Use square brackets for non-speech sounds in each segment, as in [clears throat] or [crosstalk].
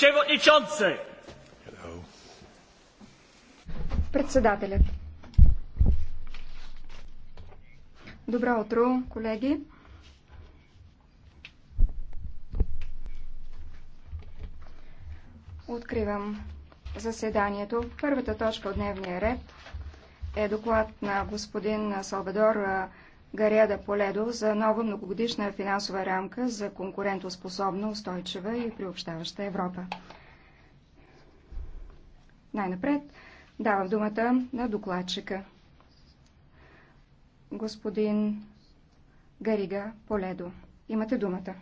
przewodniczący! Председателят. Добро утро, колеги! Откривам заседанието. Първата точка от дневния ред е доклад на господин Салбедор Гареда Поледо за нова многогодишна финансова рамка за конкурентоспособна, устойчива и приобщаваща Европа. Най-напред давам думата на докладчика. Господин Гарига Поледо. Имате думата.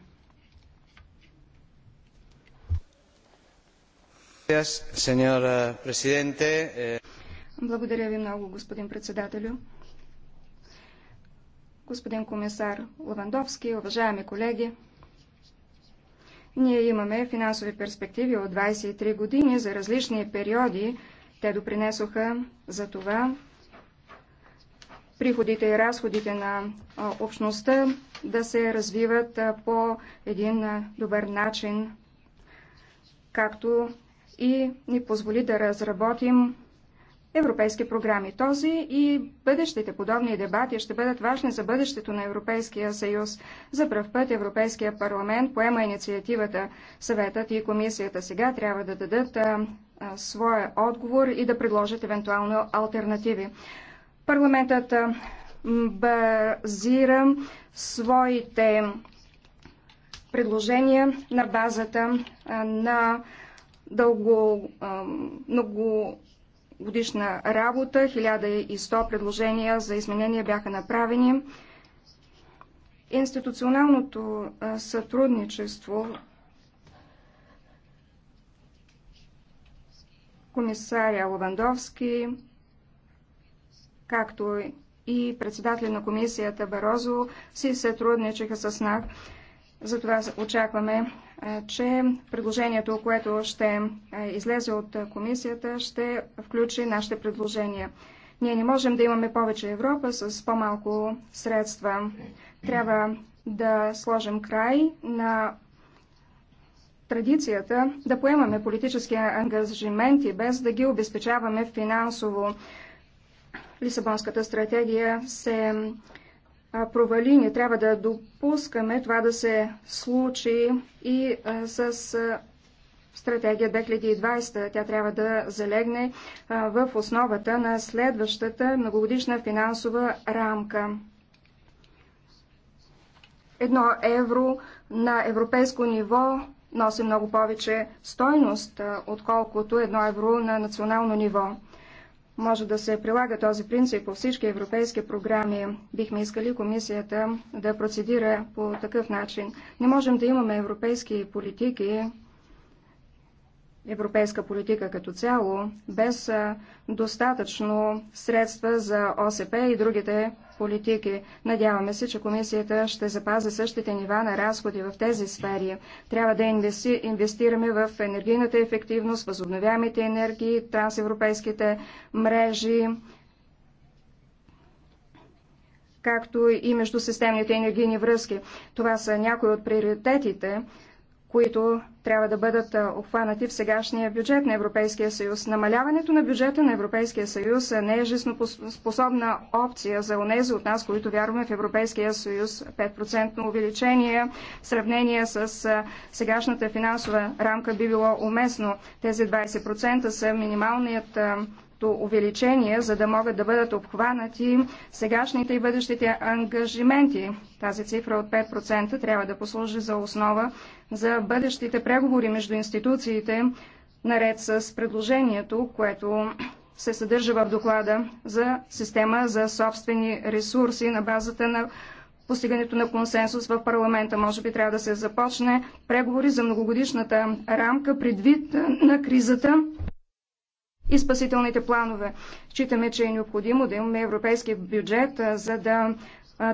Благодаря ви много, господин председателю господин комисар Лавандовски, уважаеми колеги, ние имаме финансови перспективи от 23 години за различни периоди. Те допринесоха за това приходите и разходите на общността да се развиват по един добър начин, както и ни позволи да разработим европейски програми. Този и бъдещите подобни дебати ще бъдат важни за бъдещето на Европейския съюз. За пръв път Европейския парламент поема инициативата. Съветът и комисията сега трябва да дадат а, а, своя отговор и да предложат евентуално альтернативи. Парламентът а, базира своите предложения на базата а, на дълго, а, много годишна работа. 1100 предложения за изменения бяха направени. Институционалното сътрудничество комисаря Лавандовски, както и председателя на комисията Барозо си сътрудничаха с нас. Затова очакваме че предложението, което ще излезе от комисията, ще включи нашите предложения. Ние не можем да имаме повече Европа с по-малко средства. Трябва да сложим край на традицията да поемаме политически ангажименти, без да ги обезпечаваме финансово. Лисабонската стратегия се провали. Не трябва да допускаме това да се случи и с стратегия 2020. Тя трябва да залегне в основата на следващата многогодишна финансова рамка. Едно евро на европейско ниво носи много повече стойност, отколкото едно евро на национално ниво може да се прилага този принцип по всички европейски програми. Бихме искали комисията да процедира по такъв начин. Не можем да имаме европейски политики, европейска политика като цяло, без достатъчно средства за ОСП и другите политики. Надяваме се, че комисията ще запази същите нива на разходи в тези сфери. Трябва да инвестираме в енергийната ефективност, възобновяемите енергии, трансевропейските мрежи, както и междусистемните енергийни връзки. Това са някои от приоритетите, които трябва да бъдат обхванати в сегашния бюджет на Европейския съюз. Намаляването на бюджета на Европейския съюз не е жизнеспособна опция за онези от нас, които вярваме в Европейския съюз. 5% увеличение в сравнение с сегашната финансова рамка би било уместно. Тези 20% са минималният като увеличение, за да могат да бъдат обхванати сегашните и бъдещите ангажименти. Тази цифра от 5% трябва да послужи за основа за бъдещите преговори между институциите, наред с предложението, което се съдържа в доклада за система за собствени ресурси на базата на постигането на консенсус в парламента. Може би трябва да се започне преговори за многогодишната рамка предвид на кризата и спасителните планове. Считаме, че е необходимо да имаме европейски бюджет, за да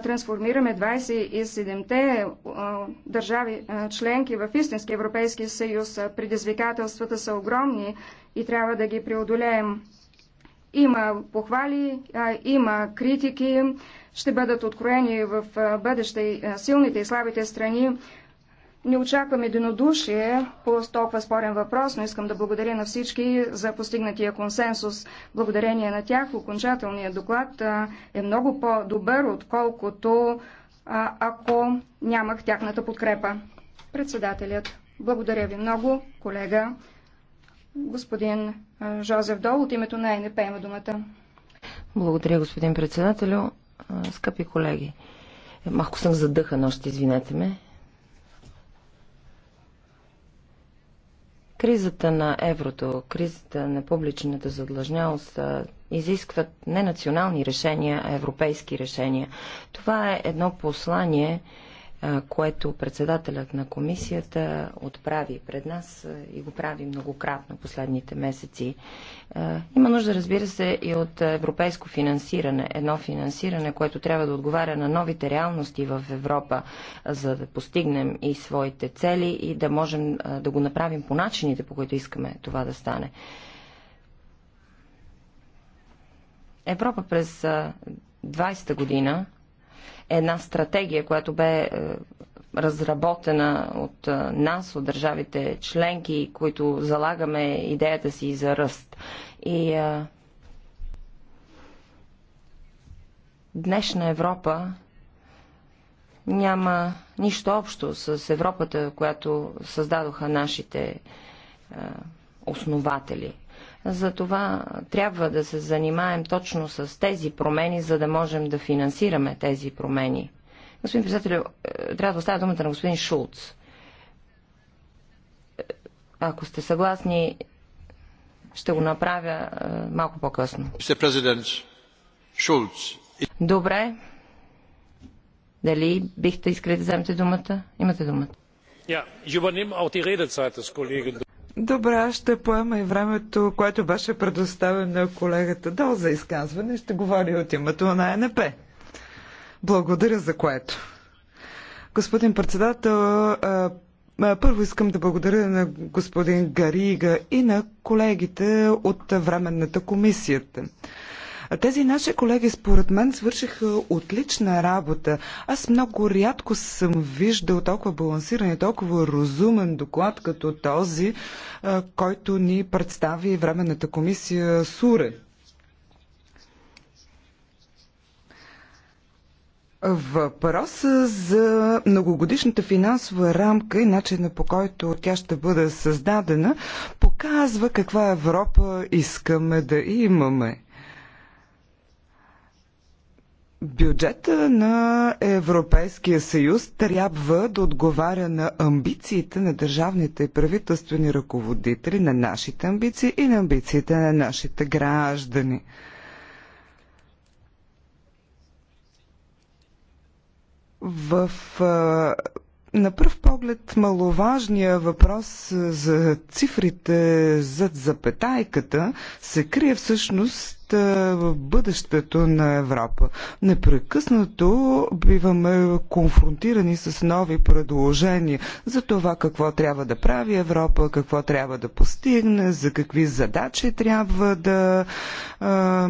трансформираме 27-те държави членки в истински Европейски съюз. Предизвикателствата са огромни и трябва да ги преодолеем. Има похвали, има критики, ще бъдат откроени в бъдеще силните и слабите страни. Не очаквам единодушие по толкова спорен въпрос, но искам да благодаря на всички за постигнатия консенсус. Благодарение на тях окончателният доклад е много по-добър, отколкото ако нямах тяхната подкрепа. Председателят, благодаря ви много, колега. Господин Жозеф Дол от името на ЕНП има думата. Благодаря, господин председателю. Скъпи колеги, малко съм задъхана, още извинете ме. Кризата на еврото, кризата на публичната задлъжнялост изискват не национални решения, а европейски решения. Това е едно послание, което председателят на комисията отправи пред нас и го прави многократно последните месеци. Има нужда, разбира се, и от европейско финансиране. Едно финансиране, което трябва да отговаря на новите реалности в Европа, за да постигнем и своите цели и да можем да го направим по начините, по които искаме това да стане. Европа през 20-та година една стратегия, която бе е, разработена от е, нас, от държавите членки, които залагаме идеята си за ръст. И а, е, днешна Европа няма нищо общо с Европата, която създадоха нашите а, основатели. Затова трябва да се занимаем точно с тези промени, за да можем да финансираме тези промени. Господин председател, е, трябва да оставя думата на господин Шулц. Е, ако сте съгласни, ще го направя е, малко по-късно. Шулц. Добре. Дали бихте искали да вземете думата? Имате думата. Ja, ich übernehme auch die Redezeit des Kollegen. Добре, аз ще поема и времето, което беше предоставено на колегата Дол за изказване. Ще говори от името на НП. Благодаря за което. Господин председател, първо искам да благодаря на господин Гарига и на колегите от Временната комисията. Тези наши колеги, според мен, свършиха отлична работа. Аз много рядко съм виждал толкова балансиран и толкова разумен доклад, като този, който ни представи Временната комисия Суре. Въпроса за многогодишната финансова рамка и начина по който тя ще бъде създадена показва каква Европа искаме да имаме. Бюджета на Европейския съюз трябва да отговаря на амбициите на държавните и правителствени ръководители, на нашите амбиции и на амбициите на нашите граждани. В на пръв поглед маловажния въпрос за цифрите зад запетайката се крие всъщност в бъдещето на Европа. Непрекъснато биваме конфронтирани с нови предложения за това какво трябва да прави Европа, какво трябва да постигне, за какви задачи трябва да а,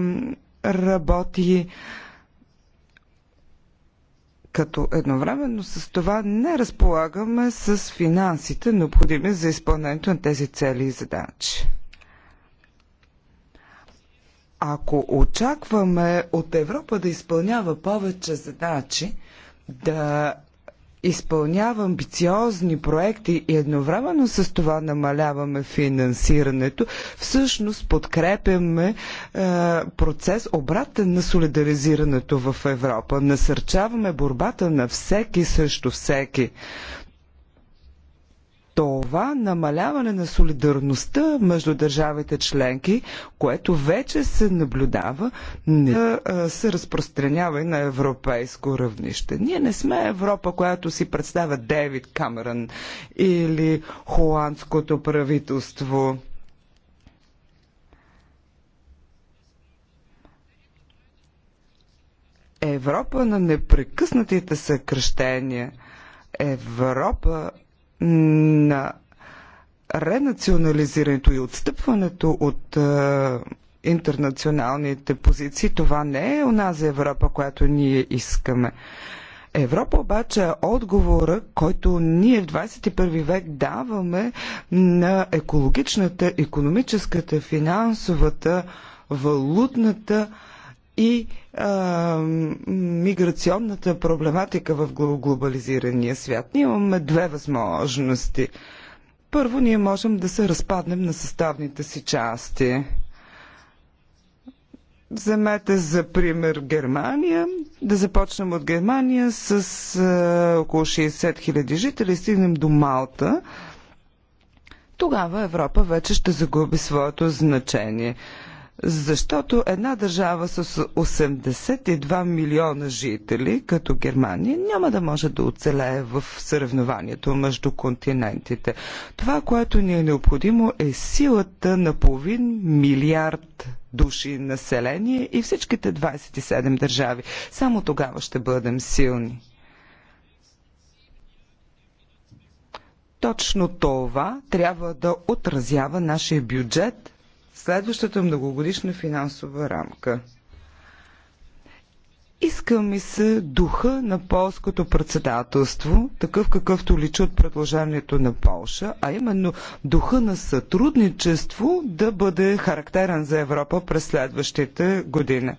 работи. А, като едновременно с това не разполагаме с финансите, необходими за изпълнението на тези цели и задачи. Ако очакваме от Европа да изпълнява повече задачи, да изпълнява амбициозни проекти и едновременно с това намаляваме финансирането, всъщност подкрепяме е, процес обратен на солидаризирането в Европа. Насърчаваме борбата на всеки срещу всеки това намаляване на солидарността между държавите членки, което вече се наблюдава, не е, е, се разпространява и на европейско равнище. Ние не сме Европа, която си представя Дейвид Камерън или холандското правителство. Европа на непрекъснатите съкръщения. Европа на ренационализирането и отстъпването от е, интернационалните позиции, това не е онази Европа, която ние искаме. Европа обаче е отговора, който ние в 21 век даваме на екологичната, економическата, финансовата, валутната и а, миграционната проблематика в глобализирания свят. Ние имаме две възможности. Първо, ние можем да се разпаднем на съставните си части. Вземете за пример Германия. Да започнем от Германия с а, около 60 000 жители, стигнем до Малта. Тогава Европа вече ще загуби своето значение. Защото една държава с 82 милиона жители, като Германия, няма да може да оцелее в съревнованието между континентите. Това, което ни е необходимо е силата на половин милиард души население и всичките 27 държави. Само тогава ще бъдем силни. Точно това трябва да отразява нашия бюджет следващата многогодишна финансова рамка. Иска ми се духа на полското председателство, такъв какъвто личи от предложението на Полша, а именно духа на сътрудничество да бъде характерен за Европа през следващите години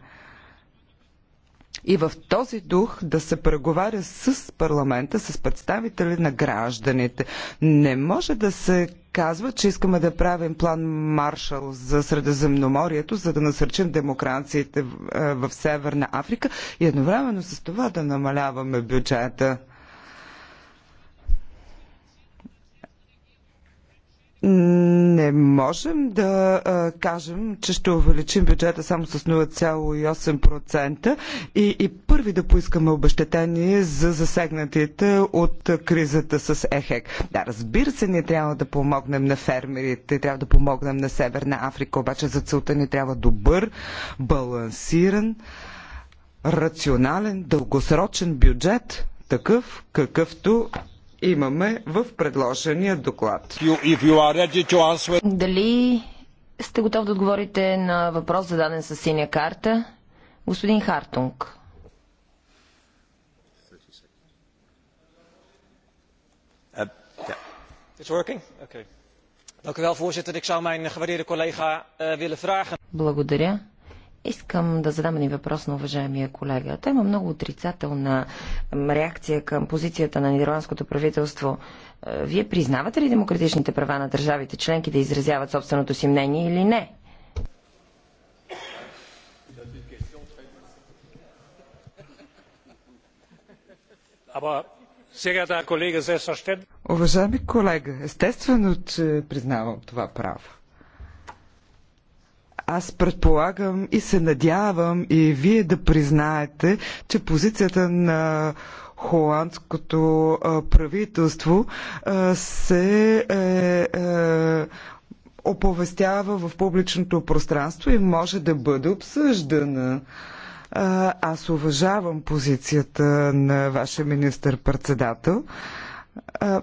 и в този дух да се преговаря с парламента, с представители на гражданите. Не може да се казва, че искаме да правим план Маршал за Средиземноморието, за да насърчим демокрациите в е, Северна Африка и едновременно с това да намаляваме бюджета. не можем да а, кажем, че ще увеличим бюджета само с 0,8% и, и първи да поискаме обещетение за засегнатите от кризата с ЕХЕК. Да, разбира се, ние трябва да помогнем на фермерите, трябва да помогнем на Северна Африка, обаче за целта ни трябва добър, балансиран, рационален, дългосрочен бюджет, такъв какъвто имаме в предложения доклад. Дали сте готов да отговорите на въпрос зададен с синя карта? Господин Хартунг. Eh, Благодаря. Искам да задам един въпрос на уважаемия колега. Той има много отрицателна реакция към позицията на нидерландското правителство. Е, вие признавате ли демократичните права на държавите членки да изразяват собственото си мнение или не? Уважаеми колега, естествено, че признавам това право. Аз предполагам и се надявам и вие да признаете, че позицията на холандското правителство се е, е, оповестява в публичното пространство и може да бъде обсъждана. Аз уважавам позицията на вашия министър-председател.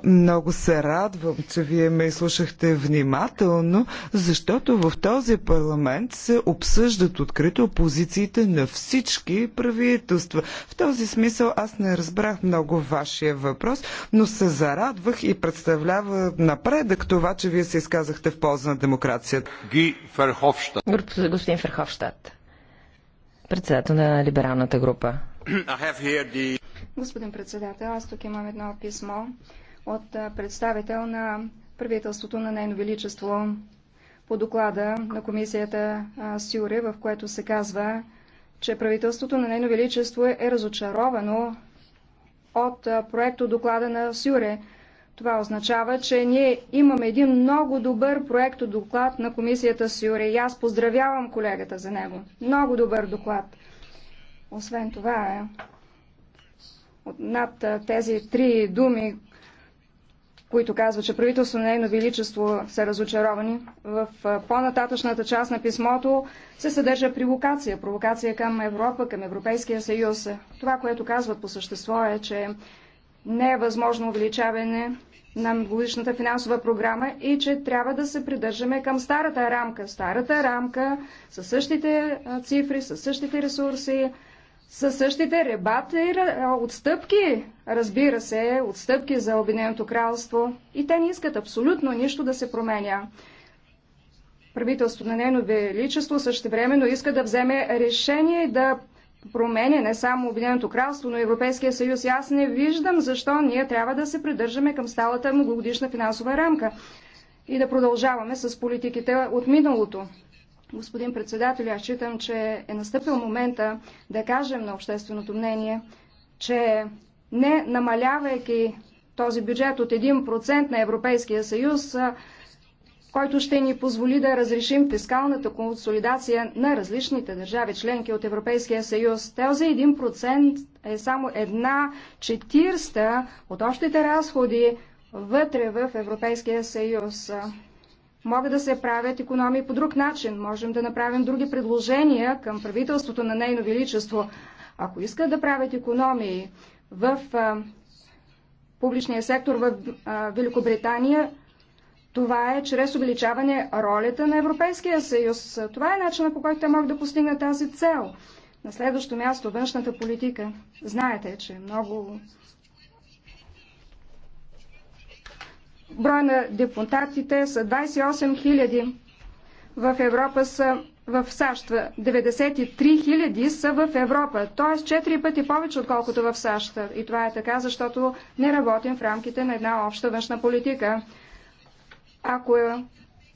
Много се радвам, че вие ме изслушахте внимателно, защото в този парламент се обсъждат открито позициите на всички правителства. В този смисъл аз не разбрах много вашия въпрос, но се зарадвах и представлява напредък това, че вие се изказахте в полза на демокрацията. Ги Ферховщад. Господин Ферховщад, председател на либералната група. [clears throat] The... Господин председател, аз тук имам едно писмо от представител на правителството на Нейно Величество по доклада на комисията Сюре, в което се казва, че правителството на Нейно Величество е разочаровано от проекто доклада на Сюре. Това означава, че ние имаме един много добър проекто доклад на комисията Сюре и аз поздравявам колегата за него. Много добър доклад. Освен това, над тези три думи, които казва, че правителство на нейно величество са разочаровани. В по-нататъчната част на писмото се съдържа провокация. Провокация към Европа, към Европейския съюз. Това, което казват по същество е, че не е възможно увеличаване на годишната финансова програма и че трябва да се придържаме към старата рамка. Старата рамка със същите цифри, със същите ресурси, със същите и отстъпки, разбира се, отстъпки за Обединеното кралство. И те не искат абсолютно нищо да се променя. Правителството на Нейно Величество също времено иска да вземе решение да променя не само Обединеното кралство, но и Европейския съюз. И аз не виждам защо ние трябва да се придържаме към сталата многогодишна финансова рамка и да продължаваме с политиките от миналото. Господин председател, аз считам, че е настъпил момента да кажем на общественото мнение, че не намалявайки този бюджет от 1% на Европейския съюз, който ще ни позволи да разрешим фискалната консолидация на различните държави членки от Европейския съюз. Този 1% е само една четирста от общите разходи вътре в Европейския съюз могат да се правят економии по друг начин. Можем да направим други предложения към правителството на Нейно Величество. Ако искат да правят економии в а, публичния сектор в а, Великобритания, това е чрез увеличаване ролята на Европейския съюз. Това е начинът по който те могат да постигнат тази цел. На следващо място външната политика. Знаете, че много брой на депутатите са 28 000. В Европа са в САЩ. 93 000 са в Европа, т.е. 4 пъти повече, отколкото в САЩ. И това е така, защото не работим в рамките на една обща външна политика. Ако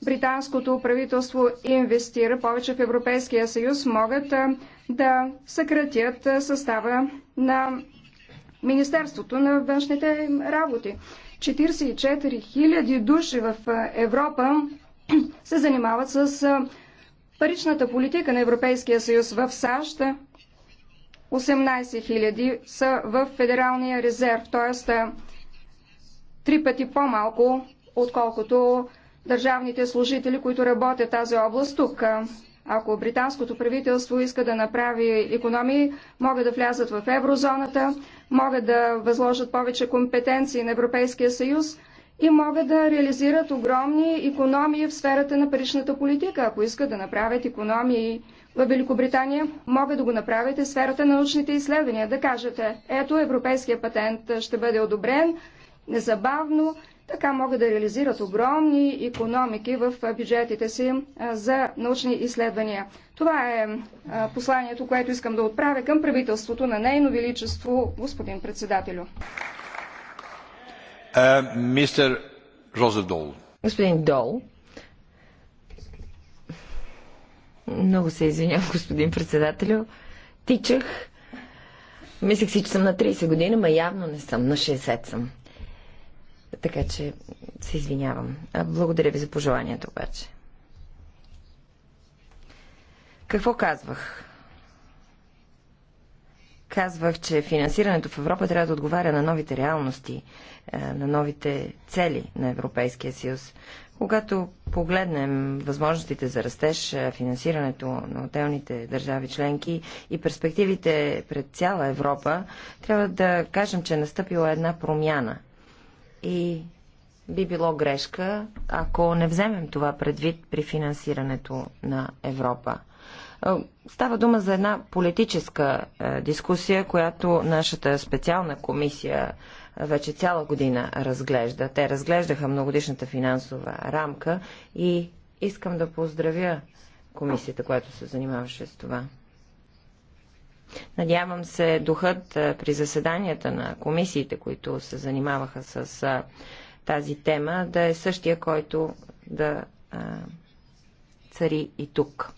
британското правителство инвестира повече в Европейския съюз, могат да съкратят състава на Министерството на външните работи. 44 000 души в Европа се занимават с паричната политика на Европейския съюз в САЩ. 18 000 са в Федералния резерв, т.е. три пъти по-малко, отколкото държавните служители, които работят тази област тук. Ако британското правителство иска да направи економии, могат да влязат в еврозоната, могат да възложат повече компетенции на Европейския съюз и могат да реализират огромни економии в сферата на паричната политика. Ако искат да направят економии в Великобритания, могат да го направят и в сферата на научните изследвания. Да кажете, ето, европейския патент ще бъде одобрен незабавно така могат да реализират огромни економики в бюджетите си за научни изследвания. Това е посланието, което искам да отправя към правителството на Нейно Величество, господин председателю. Е, мистер Жозеф Дол. Господин Дол. Много се извинявам, господин председателю. Тичах. Мислех си, че съм на 30 години, ма явно не съм. На 60 съм. Така че се извинявам. Благодаря ви за пожеланието обаче. Какво казвах? Казвах, че финансирането в Европа трябва да отговаря на новите реалности, е, на новите цели на Европейския съюз. Когато погледнем възможностите за растеж, е, финансирането на отделните държави членки и перспективите пред цяла Европа, трябва да кажем, че е настъпила една промяна – и би било грешка, ако не вземем това предвид при финансирането на Европа. Става дума за една политическа дискусия, която нашата специална комисия вече цяла година разглежда. Те разглеждаха многодишната финансова рамка и искам да поздравя комисията, която се занимаваше с това. Надявам се духът при заседанията на комисиите, които се занимаваха с тази тема, да е същия, който да цари и тук.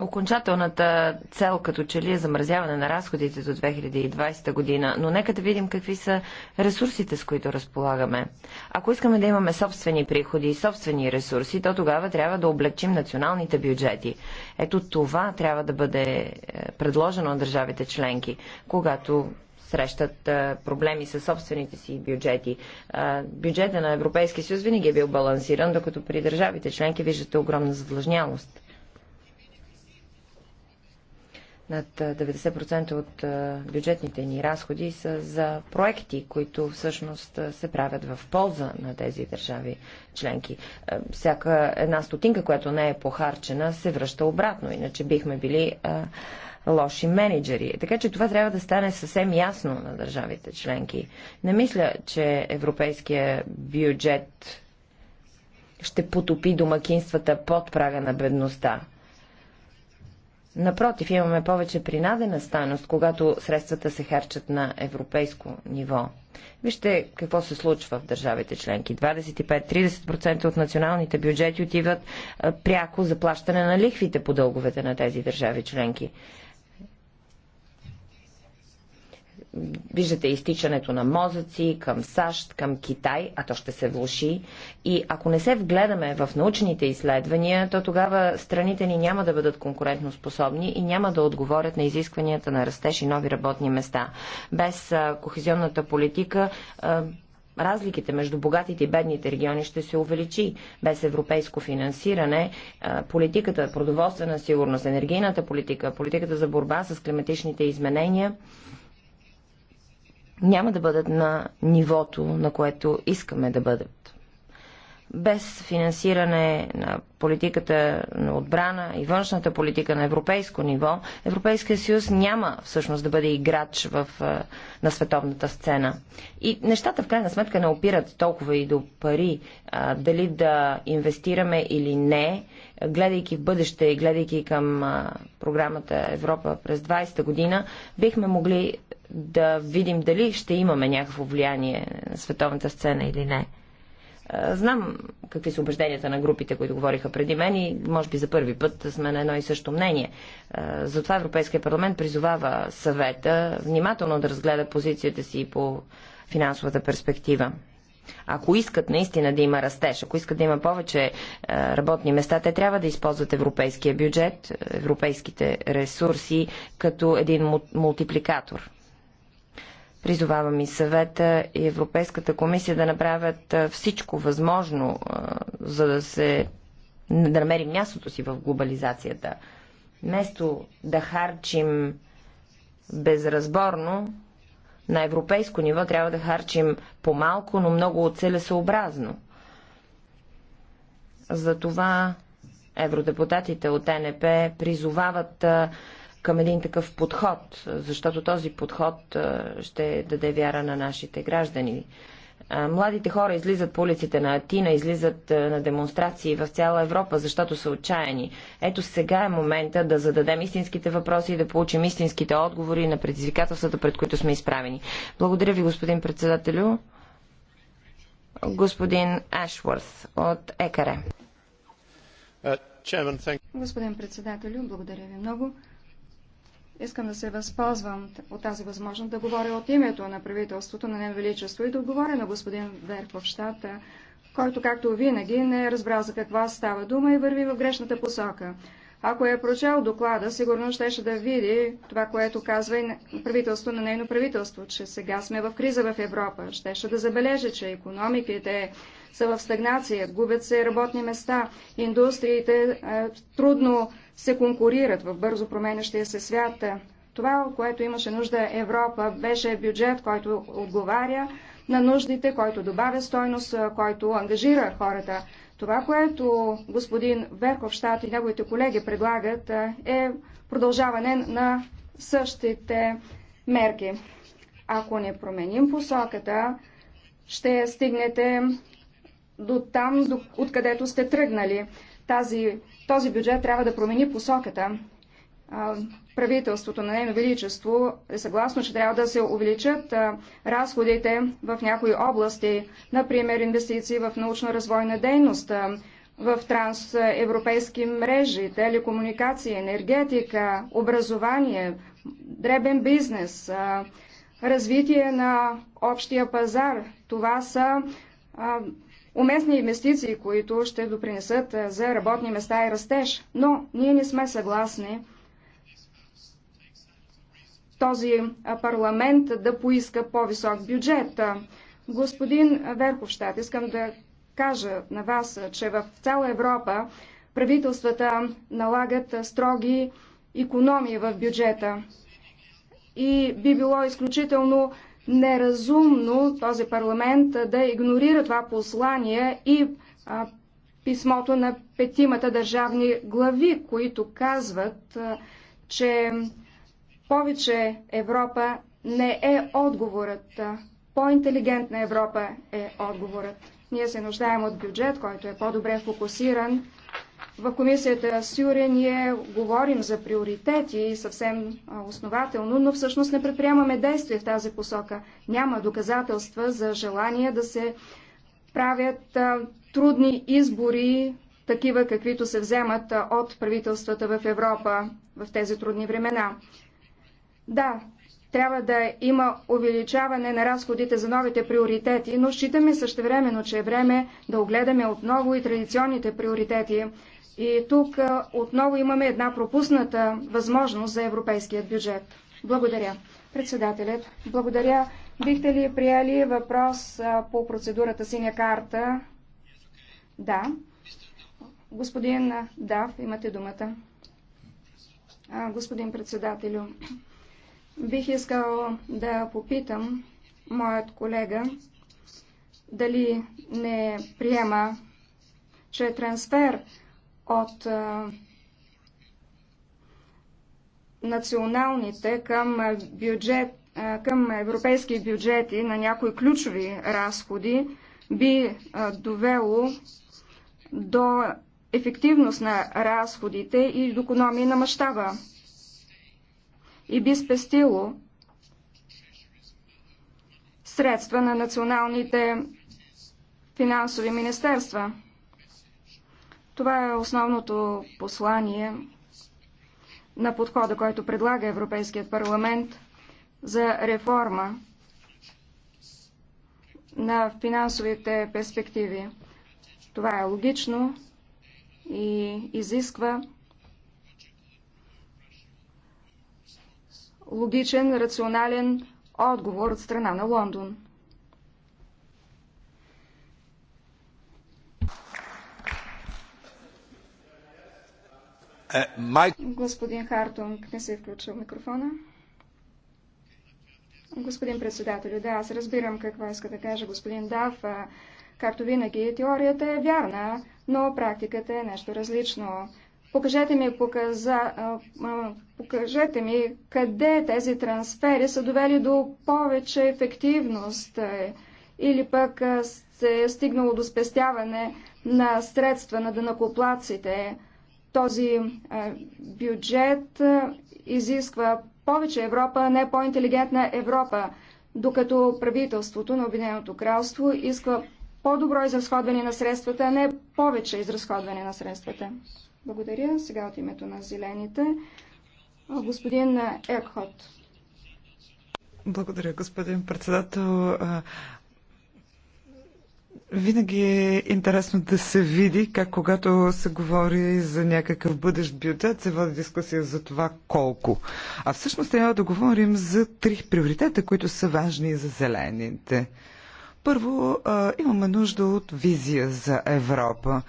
Окончателната цел като че ли е замразяване на разходите до 2020 година, но нека да видим какви са ресурсите, с които разполагаме. Ако искаме да имаме собствени приходи и собствени ресурси, то тогава трябва да облегчим националните бюджети. Ето това трябва да бъде е, предложено от държавите членки, когато срещат е, проблеми с собствените си бюджети. Е, бюджета на Европейския съюз винаги е бил балансиран, докато при държавите членки виждате огромна задлъжнялост. Над 90% от бюджетните ни разходи са за проекти, които всъщност се правят в полза на тези държави членки. Всяка една стотинка, която не е похарчена, се връща обратно, иначе бихме били лоши менеджери. Така че това трябва да стане съвсем ясно на държавите членки. Не мисля, че европейския бюджет ще потопи домакинствата под прага на бедността. Напротив, имаме повече принадена стайност, когато средствата се харчат на европейско ниво. Вижте какво се случва в държавите членки. 25-30% от националните бюджети отиват пряко за плащане на лихвите по дълговете на тези държави членки. Виждате изтичането на мозъци към САЩ, към Китай, а то ще се влуши. И ако не се вгледаме в научните изследвания, то тогава страните ни няма да бъдат конкурентоспособни и няма да отговорят на изискванията на растеж и нови работни места. Без кохезионната политика разликите между богатите и бедните региони ще се увеличи. Без европейско финансиране политиката, продоволствена сигурност, енергийната политика, политиката за борба с климатичните изменения няма да бъдат на нивото, на което искаме да бъдат. Без финансиране на политиката на отбрана и външната политика на европейско ниво, Европейския съюз няма всъщност да бъде играч в, на световната сцена. И нещата в крайна сметка не опират толкова и до пари, а, дали да инвестираме или не, гледайки в бъдеще и гледайки към а, програмата Европа през 20-та година, бихме могли да видим дали ще имаме някакво влияние на световната сцена или не. Знам какви са убежденията на групите, които говориха преди мен и може би за първи път сме на едно и също мнение. Затова Европейския парламент призовава съвета внимателно да разгледа позицията си по финансовата перспектива. Ако искат наистина да има растеж, ако искат да има повече работни места, те трябва да използват европейския бюджет, европейските ресурси като един мултипликатор. Призовавам и съвета и Европейската комисия да направят всичко възможно, за да се да намерим мястото си в глобализацията. Место да харчим безразборно, на европейско ниво трябва да харчим по-малко, но много целесообразно. Затова евродепутатите от НП призовават към един такъв подход, защото този подход ще даде вяра на нашите граждани. Младите хора излизат по улиците на Атина, излизат на демонстрации в цяла Европа, защото са отчаяни. Ето сега е момента да зададем истинските въпроси и да получим истинските отговори на предизвикателствата, пред които сме изправени. Благодаря ви, господин председателю. Господин Ашворс от ЕКАРЕ. Uh, господин председателю, благодаря ви много. Искам да се възползвам от тази възможност да говоря от името на правителството на Невеличество и да отговоря на господин щата, който, както винаги, не е разбрал за каква става дума и върви в грешната посока. Ако е прочел доклада, сигурно щеше да види това, което казва и правителство на нейно правителство, че сега сме в криза в Европа. Щеше да забележи, че економиките са в стагнация, губят се работни места, индустриите е, трудно се конкурират в бързо променящия се свят. Това, което имаше нужда Европа, беше бюджет, който отговаря на нуждите, който добавя стойност, който ангажира хората. Това, което господин Верховщат и неговите колеги предлагат, е продължаване на същите мерки. Ако не променим посоката, ще стигнете до там, откъдето сте тръгнали тази, този бюджет трябва да промени посоката. правителството на Нейно Величество е съгласно, че трябва да се увеличат разходите в някои области, например инвестиции в научно-развойна дейност, в трансевропейски мрежи, телекомуникации, енергетика, образование, дребен бизнес, развитие на общия пазар. Това са уместни инвестиции, които ще допринесат е, за работни места и растеж. Но ние не сме съгласни този парламент да поиска по-висок бюджет. Господин Верховщат, искам да кажа на вас, че в цяла Европа правителствата налагат строги економии в бюджета. И би било изключително неразумно този парламент да игнорира това послание и а, писмото на петимата държавни глави, които казват, а, че повече Европа не е отговорът. По-интелигентна Европа е отговорът. Ние се нуждаем от бюджет, който е по-добре фокусиран в комисията Сюре ние говорим за приоритети съвсем основателно, но всъщност не предприемаме действия в тази посока. Няма доказателства за желание да се правят трудни избори, такива каквито се вземат от правителствата в Европа в тези трудни времена. Да, трябва да има увеличаване на разходите за новите приоритети, но считаме същевременно, че е време да огледаме отново и традиционните приоритети. И тук отново имаме една пропусната възможност за европейския бюджет. Благодаря. Председателят, благодаря. Бихте ли приели въпрос по процедурата синя карта? Да. Господин Дав, имате думата. Господин председателю, бих искал да попитам моят колега дали не приема, че е трансфер от националните към, бюджет, към европейски бюджети на някои ключови разходи би довело до ефективност на разходите и до економии на мащаба и би спестило средства на националните финансови министерства. Това е основното послание на подхода, който предлага Европейският парламент за реформа на финансовите перспективи. Това е логично и изисква логичен, рационален отговор от страна на Лондон. Е, господин Хартунг, не се е включил микрофона. Господин председател, да, аз разбирам какво иска да каже господин Дав. Както винаги, теорията е вярна, но практиката е нещо различно. Покажете ми, показа, покажете ми къде тези трансфери са довели до повече ефективност или пък се е стигнало до спестяване на средства на дънакоплаците. Този е, бюджет е, изисква повече Европа, не по-интелигентна Европа, докато правителството на Обединеното кралство иска по-добро изразходване на средствата, а не повече изразходване на средствата. Благодаря. Сега от името на зелените. Господин Екхот. Благодаря, господин председател. Винаги е интересно да се види как когато се говори за някакъв бъдещ бюджет, се води дискусия за това колко. А всъщност трябва да говорим за три приоритета, които са важни за зелените. Първо, имаме нужда от визия за Европа.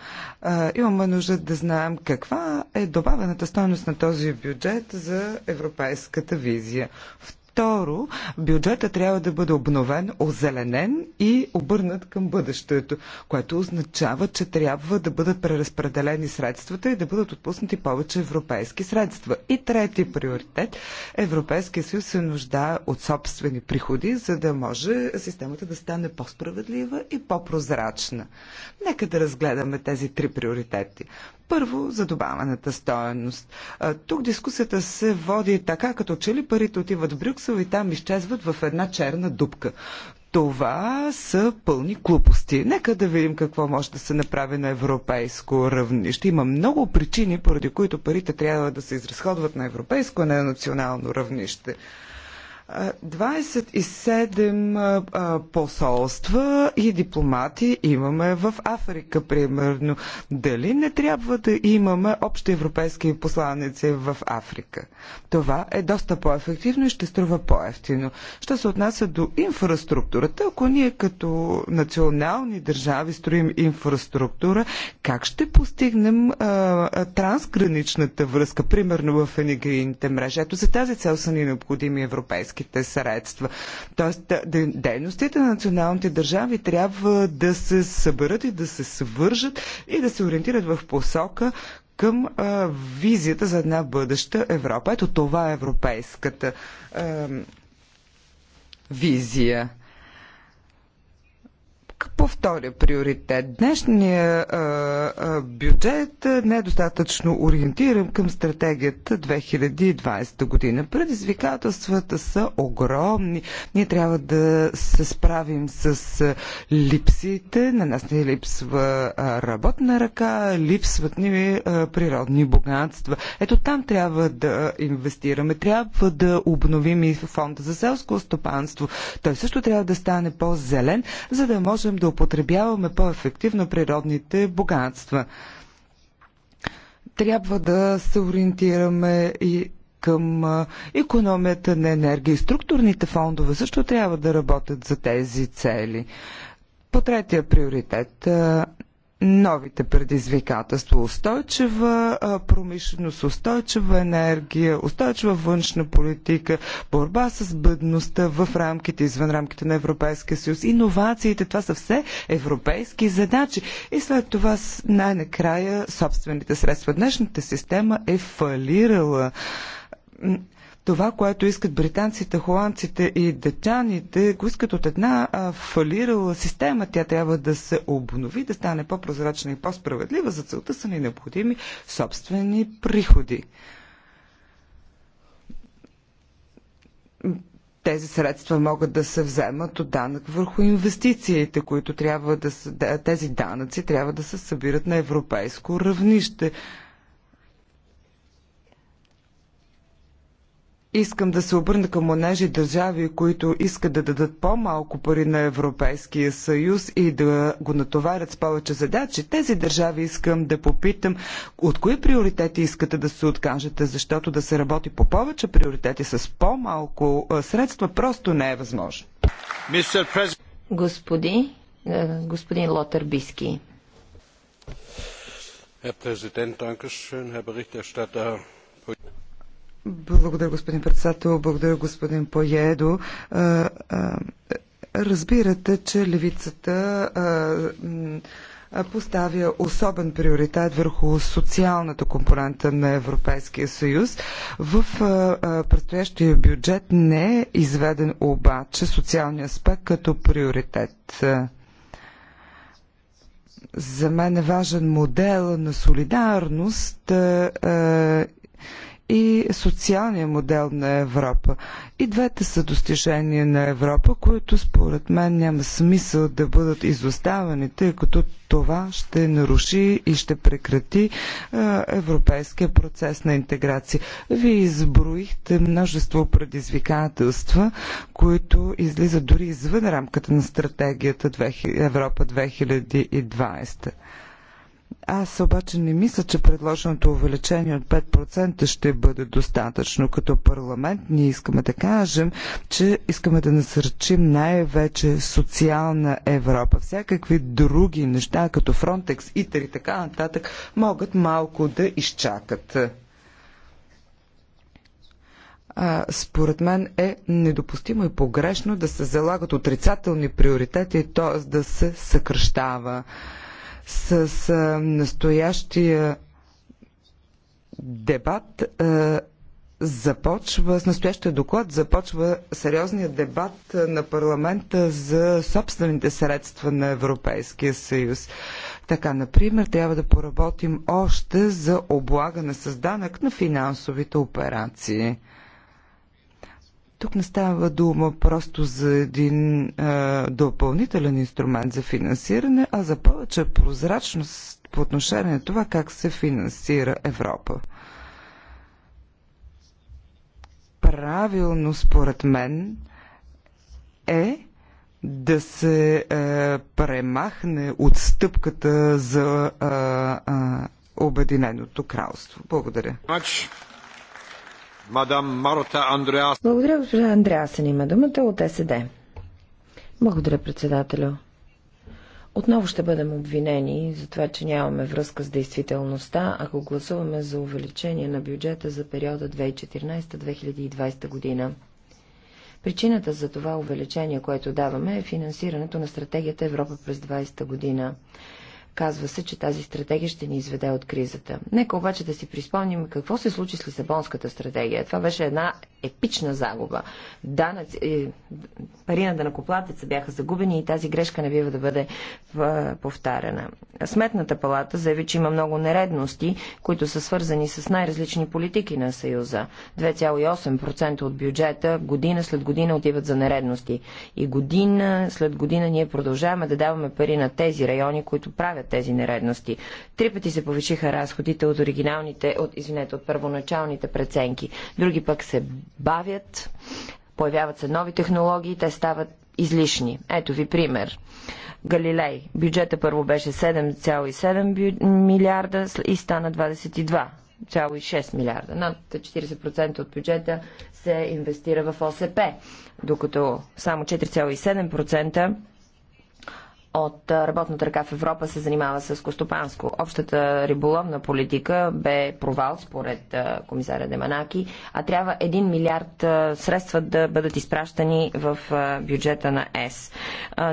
Имаме нужда да знаем каква е добавената стойност на този бюджет за европейската визия. Второ, бюджета трябва да бъде обновен, озеленен и обърнат към бъдещето, което означава, че трябва да бъдат преразпределени средствата и да бъдат отпуснати повече европейски средства. И трети приоритет – Европейския съюз се нуждае от собствени приходи, за да може системата да стане по-справедлива и по-прозрачна. Нека да разгледаме тези три приоритети. Първо, за добавената стоеност. Тук дискусията се води така, като че ли парите отиват в Брюксел и там изчезват в една черна дупка. Това са пълни глупости. Нека да видим какво може да се направи на европейско равнище. Има много причини, поради които парите трябва да се изразходват на европейско, а не на национално равнище. 27 посолства и дипломати имаме в Африка, примерно. Дали не трябва да имаме общи европейски посланици в Африка? Това е доста по-ефективно и ще струва по-ефтино. Що се отнася до инфраструктурата, ако ние като национални държави строим инфраструктура, как ще постигнем а, а, трансграничната връзка, примерно в енергийните мрежи? Ето за тази цел са ни необходими европейски европейските средства. Тоест, дейностите на националните държави трябва да се съберат и да се свържат и да се ориентират в посока, към а, визията за една бъдеща Европа. Ето това е европейската а, визия. Пак по втория приоритет. Днешният бюджет не е достатъчно ориентиран към стратегията 2020 година. Предизвикателствата са огромни. Ние трябва да се справим с липсите. На нас не липсва работна ръка, липсват ни природни богатства. Ето там трябва да инвестираме. Трябва да обновим и фонда за селско стопанство. Той също трябва да стане по-зелен, за да можем можем да употребяваме по-ефективно природните богатства. Трябва да се ориентираме и към економията на енергия и структурните фондове също трябва да работят за тези цели. По третия приоритет новите предизвикателства. Устойчива промишленост, устойчива енергия, устойчива външна политика, борба с бъдността в рамките, извън рамките на Европейския съюз, иновациите, това са все европейски задачи. И след това най-накрая собствените средства. Днешната система е фалирала това, което искат британците, холандците и датчаните, го искат от една а, фалирала система. Тя трябва да се обнови, да стане по-прозрачна и по-справедлива. За целта са ни необходими собствени приходи. тези средства могат да се вземат от данък върху инвестициите, които трябва да се, тези данъци трябва да се събират на европейско равнище. Искам да се обърна към онежи държави, които искат да дадат по-малко пари на Европейския съюз и да го натоварят с повече задачи. Тези държави искам да попитам от кои приоритети искате да се откажете, защото да се работи по повече приоритети с по-малко средства просто не е възможно. Господи, господин Лотър Биски. Herr Präsident, Dankeschön, Herr Berichterstatter. Благодаря, господин председател. Благодаря, господин Поедо. Разбирате, че левицата поставя особен приоритет върху социалната компонента на Европейския съюз. В предстоящия бюджет не е изведен обаче социалния аспект като приоритет. За мен е важен модел на солидарност и социалния модел на Европа. И двете са достижения на Европа, които според мен няма смисъл да бъдат изоставани, тъй като това ще наруши и ще прекрати е, европейския процес на интеграция. Вие изброихте множество предизвикателства, които излизат дори извън рамката на стратегията Европа 2020. Аз обаче не мисля, че предложеното увеличение от 5% ще бъде достатъчно. Като парламент ние искаме да кажем, че искаме да насърчим най-вече социална Европа. Всякакви други неща, като Фронтекс, ИТЕР и така нататък, могат малко да изчакат. А, според мен е недопустимо и погрешно да се залагат отрицателни приоритети, т.е. да се съкръщава. С настоящия дебат започва, с настоящия доклад започва сериозният дебат на парламента за собствените средства на Европейския съюз. Така, например, трябва да поработим още за облагане с данък на финансовите операции. Тук не става дума просто за един а, допълнителен инструмент за финансиране, а за повече прозрачност по отношение на това как се финансира Европа. Правилно, според мен, е да се е, премахне отстъпката за е, е, Обединеното кралство. Благодаря. Благодаря, госпожа Андреасен има думата от СД. Благодаря, председателю. Отново ще бъдем обвинени за това, че нямаме връзка с действителността, ако гласуваме за увеличение на бюджета за периода 2014-2020 година. Причината за това увеличение, което даваме, е финансирането на стратегията Европа през 2020 година. Казва се, че тази стратегия ще ни изведе от кризата. Нека обаче да си приспомним какво се случи с Лисабонската стратегия. Това беше една епична загуба. Данъци, е, пари на данакоплатеца бяха загубени и тази грешка не бива да бъде повтарена. Сметната палата заяви, че има много нередности, които са свързани с най-различни политики на Съюза. 2,8% от бюджета година след година отиват за нередности. И година след година ние продължаваме да даваме пари на тези райони, които правят тези нередности. Три пъти се повишиха разходите от оригиналните, от, извинете, от първоначалните преценки. Други пък се бавят, появяват се нови технологии, те стават излишни. Ето ви пример. Галилей. Бюджета първо беше 7,7 милиарда и стана 22 милиарда. Над 40% от бюджета се инвестира в ОСП, докато само 4,7% от работната ръка в Европа се занимава с костопанско. Общата риболовна политика бе провал, според комисаря Деманаки, а трябва 1 милиард средства да бъдат изпращани в бюджета на ЕС.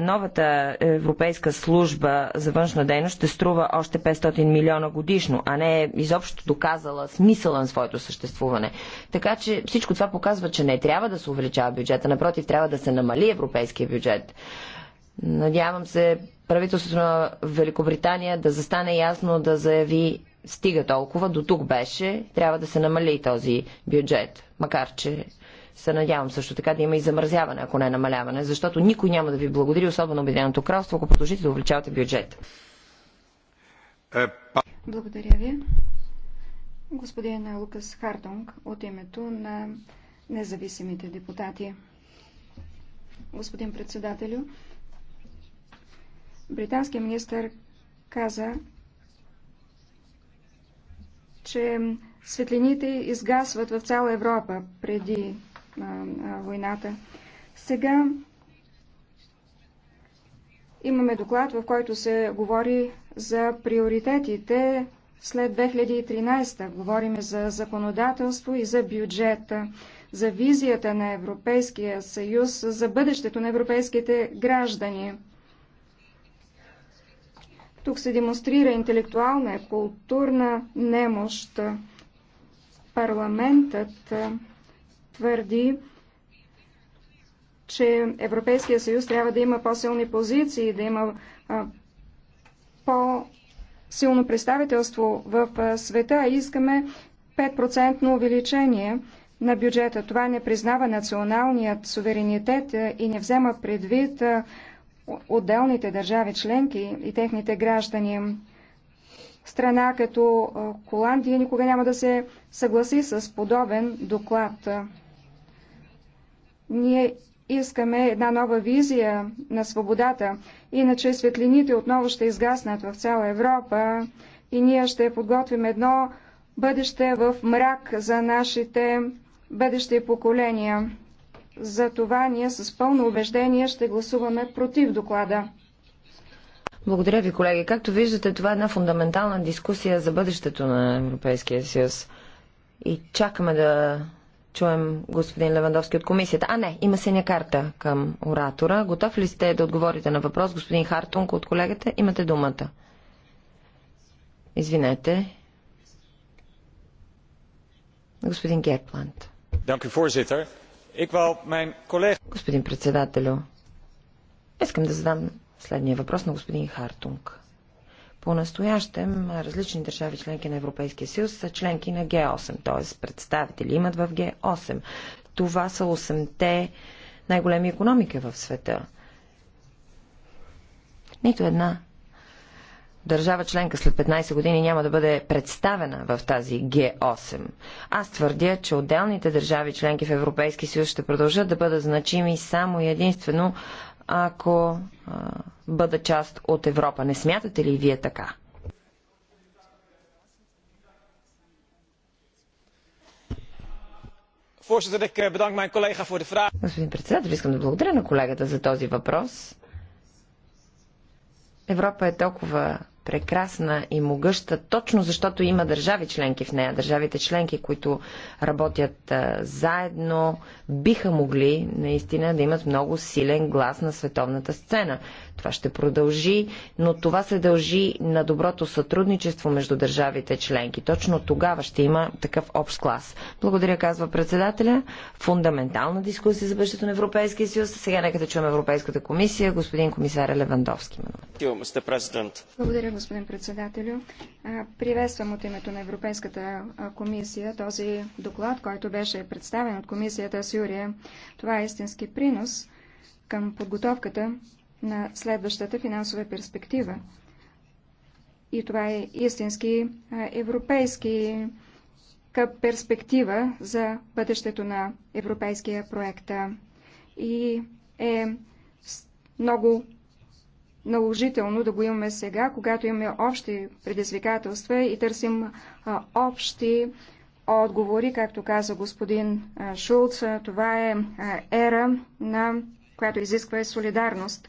Новата европейска служба за външна дейност ще струва още 500 милиона годишно, а не е изобщо доказала смисъла на своето съществуване. Така че всичко това показва, че не трябва да се увеличава бюджета, напротив, трябва да се намали европейския бюджет. Надявам се правителството на Великобритания да застане ясно да заяви стига толкова, до тук беше, трябва да се намали този бюджет. Макар, че се надявам също така да има и замразяване, ако не е намаляване, защото никой няма да ви благодари, особено Обединеното кралство, ако продължите да увеличавате бюджет. Благодаря ви. Господин Лукас Хартонг от името на независимите депутати. Господин председателю, британският министр каза, че светлините изгасват в цяла Европа преди а, а, войната. Сега имаме доклад, в който се говори за приоритетите след 2013. Говорим за законодателство и за бюджета, за визията на Европейския съюз, за бъдещето на европейските граждани. Тук се демонстрира интелектуална и културна немощ. Парламентът твърди, че Европейския съюз трябва да има по-силни позиции, да има по-силно представителство в света. Искаме 5% увеличение на бюджета. Това не признава националният суверенитет и не взема предвид отделните държави членки и техните граждани. Страна като Холандия никога няма да се съгласи с подобен доклад. Ние искаме една нова визия на свободата, иначе светлините отново ще изгаснат в цяла Европа и ние ще подготвим едно бъдеще в мрак за нашите бъдещи поколения. За това ние с пълно убеждение ще гласуваме против доклада. Благодаря ви, колеги. Както виждате, това е една фундаментална дискусия за бъдещето на Европейския съюз. И чакаме да чуем господин Левандовски от комисията. А не, има синя карта към оратора. Готов ли сте да отговорите на въпрос, господин Хартунг от колегата? Имате думата. Извинете. Господин Герпланд. Dank u, voorzitter. Господин председателю, искам да задам следния въпрос на господин Хартунг. По-настоящем различни държави членки на Европейския съюз са членки на Г8, т.е. представители имат в Г8. Това са 8-те най-големи економики в света. Нито една държава членка след 15 години няма да бъде представена в тази Г8. Аз твърдя, че отделните държави членки в Европейски съюз ще продължат да бъдат значими само и единствено, ако а, бъда част от Европа. Не смятате ли вие така? Eh, Господин председател, искам да благодаря на колегата за този въпрос. Европа е толкова прекрасна и могъща, точно защото има държави членки в нея. Държавите членки, които работят а, заедно, биха могли наистина да имат много силен глас на световната сцена. Това ще продължи, но това се дължи на доброто сътрудничество между държавите членки. Точно тогава ще има такъв общ клас. Благодаря, казва председателя. Фундаментална дискусия за бъдещето на Европейския съюз. Сега нека да чуем Европейската комисия. Господин комисар Левандовски. Благодаря, господин председателю. Приветствам от името на Европейската комисия този доклад, който беше представен от комисията Сюрия. Това е истински принос към подготовката на следващата финансова перспектива. И това е истински европейски перспектива за бъдещето на европейския проект. И е много наложително да го имаме сега, когато имаме общи предизвикателства и търсим общи отговори, както каза господин Шулц. Това е ера, на която изисква солидарност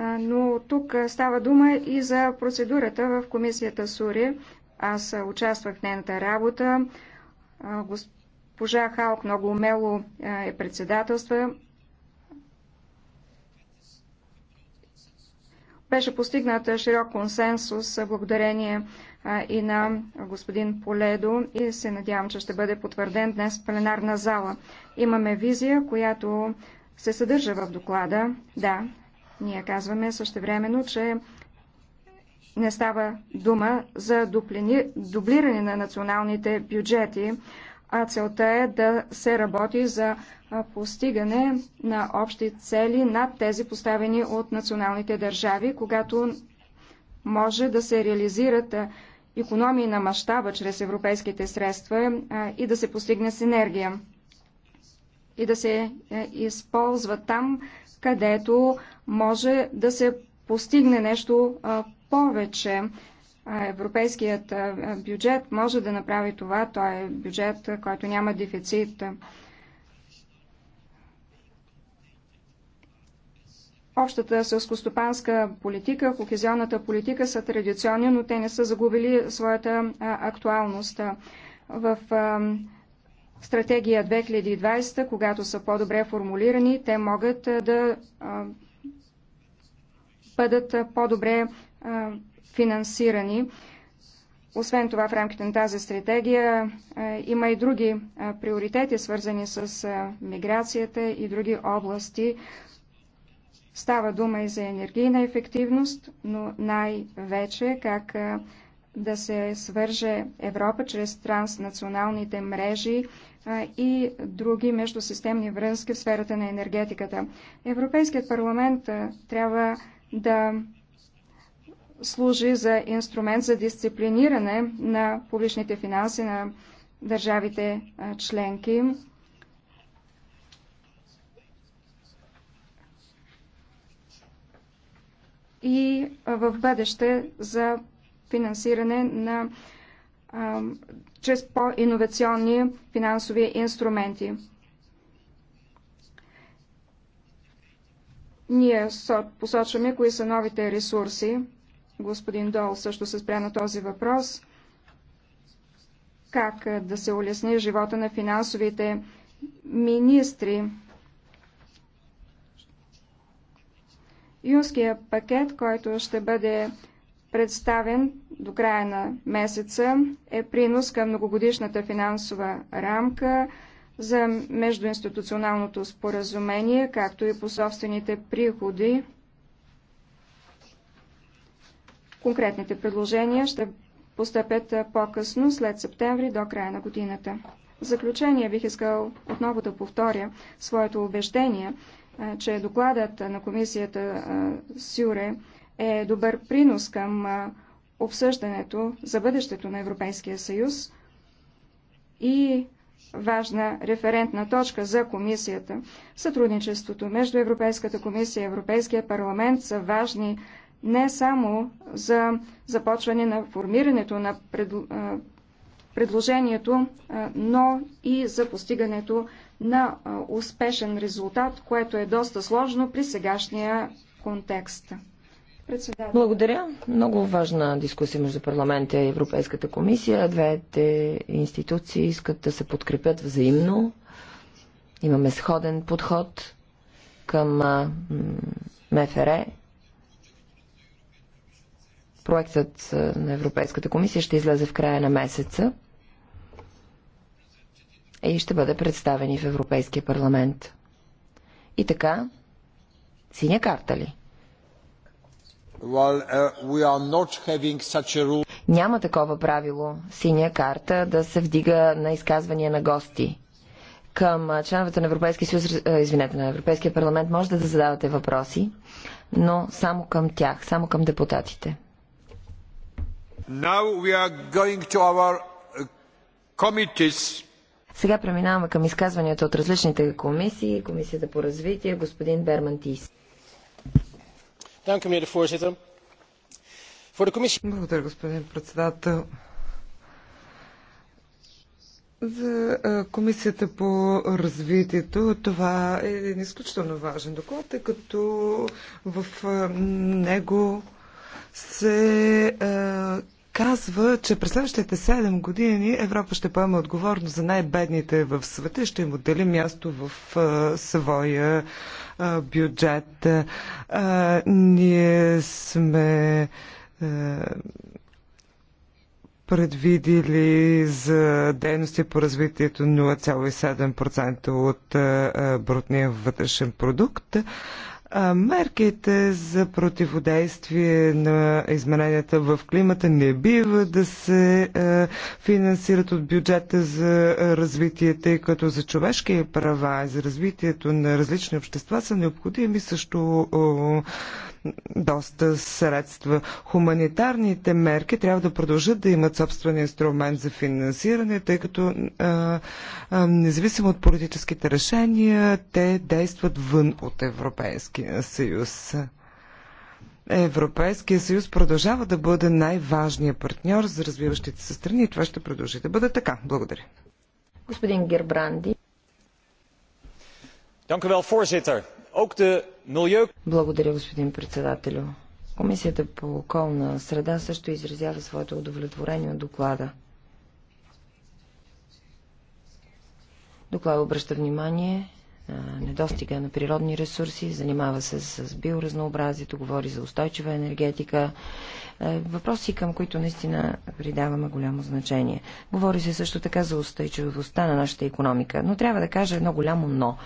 но тук става дума и за процедурата в комисията Сури. Аз участвах в нейната работа. Госпожа Халк много умело е председателства. Беше постигнат широк консенсус благодарение и на господин Поледо и се надявам, че ще бъде потвърден днес в пленарна зала. Имаме визия, която се съдържа в доклада. Да, ние казваме също времено, че не става дума за дуплини, дублиране на националните бюджети, а целта е да се работи за постигане на общи цели над тези поставени от националните държави, когато може да се реализират економии на мащаба чрез европейските средства и да се постигне синергия и да се е, използва там, където може да се постигне нещо повече. Европейският бюджет може да направи това. Той е бюджет, който няма дефицит. Общата селскостопанска политика, кохезионната политика са традиционни, но те не са загубили своята актуалност. В стратегия 2020, когато са по-добре формулирани, те могат да бъдат по-добре финансирани. Освен това, в рамките на тази стратегия има и други приоритети, свързани с миграцията и други области. Става дума и за енергийна ефективност, но най-вече как да се свърже Европа чрез транснационалните мрежи и други междусистемни връзки в сферата на енергетиката. Европейският парламент трябва да служи за инструмент за дисциплиниране на публичните финанси на държавите членки. и в бъдеще за финансиране на чрез по-инновационни финансови инструменти. Ние посочваме кои са новите ресурси. Господин Дол също се спря на този въпрос. Как да се улесни живота на финансовите министри? Юнския пакет, който ще бъде представен до края на месеца, е принос към многогодишната финансова рамка за междуинституционалното споразумение, както и по собствените приходи. Конкретните предложения ще постъпят по-късно, след септември до края на годината. В заключение бих искал отново да повторя своето убеждение, че докладът на комисията Сюре е добър принос към обсъждането за бъдещето на Европейския съюз и важна референтна точка за комисията. Сътрудничеството между Европейската комисия и Европейския парламент са важни не само за започване на формирането на предложението, но и за постигането на успешен резултат, което е доста сложно при сегашния контекст. Председател. Благодаря. Много важна дискусия между парламента и Европейската комисия. Двете институции искат да се подкрепят взаимно. Имаме сходен подход към МФР. Проектът на Европейската комисия ще излезе в края на месеца и ще бъде представен в Европейския парламент. И така, синя карта ли? Uh, Няма такова правило, синя карта, да се вдига на изказвания на гости. Към членовете на Европейския съюз, извинете, на Европейския парламент може да задавате въпроси, но само към тях, само към депутатите. Uh, Сега преминаваме към изказванията от различните комисии. Комисията по развитие, господин Берман Тис. Благодаря, господин председател. За е, Комисията по развитието това е един изключително важен доклад, тъй като в е, него се е, казва, че през следващите 7 години Европа ще поеме отговорност за най-бедните в света и ще им отдели място в а, своя а, бюджет. А, ние сме а, предвидили за дейности по развитието 0,7% от а, брутния вътрешен продукт. Мерките за противодействие на измененията в климата не бива да се финансират от бюджета за развитие, тъй като за човешки права и за развитието на различни общества са необходими също доста средства. Хуманитарните мерки трябва да продължат да имат собствен инструмент за финансиране, тъй като а, а, независимо от политическите решения, те действат вън от Европейския съюз. Европейския съюз продължава да бъде най-важният партньор за развиващите се страни и това ще продължи да бъде така. Благодаря. Господин Гербранди. Dank u wel, voorzitter. Благодаря, господин председателю. Комисията по околна среда също изразява своето удовлетворение от доклада. Доклад обръща внимание недостига на природни ресурси, занимава се с биоразнообразието, говори за устойчива енергетика. Е, въпроси, към които наистина придаваме голямо значение. Говори се също така за устойчивостта на нашата економика. Но трябва да кажа едно голямо но.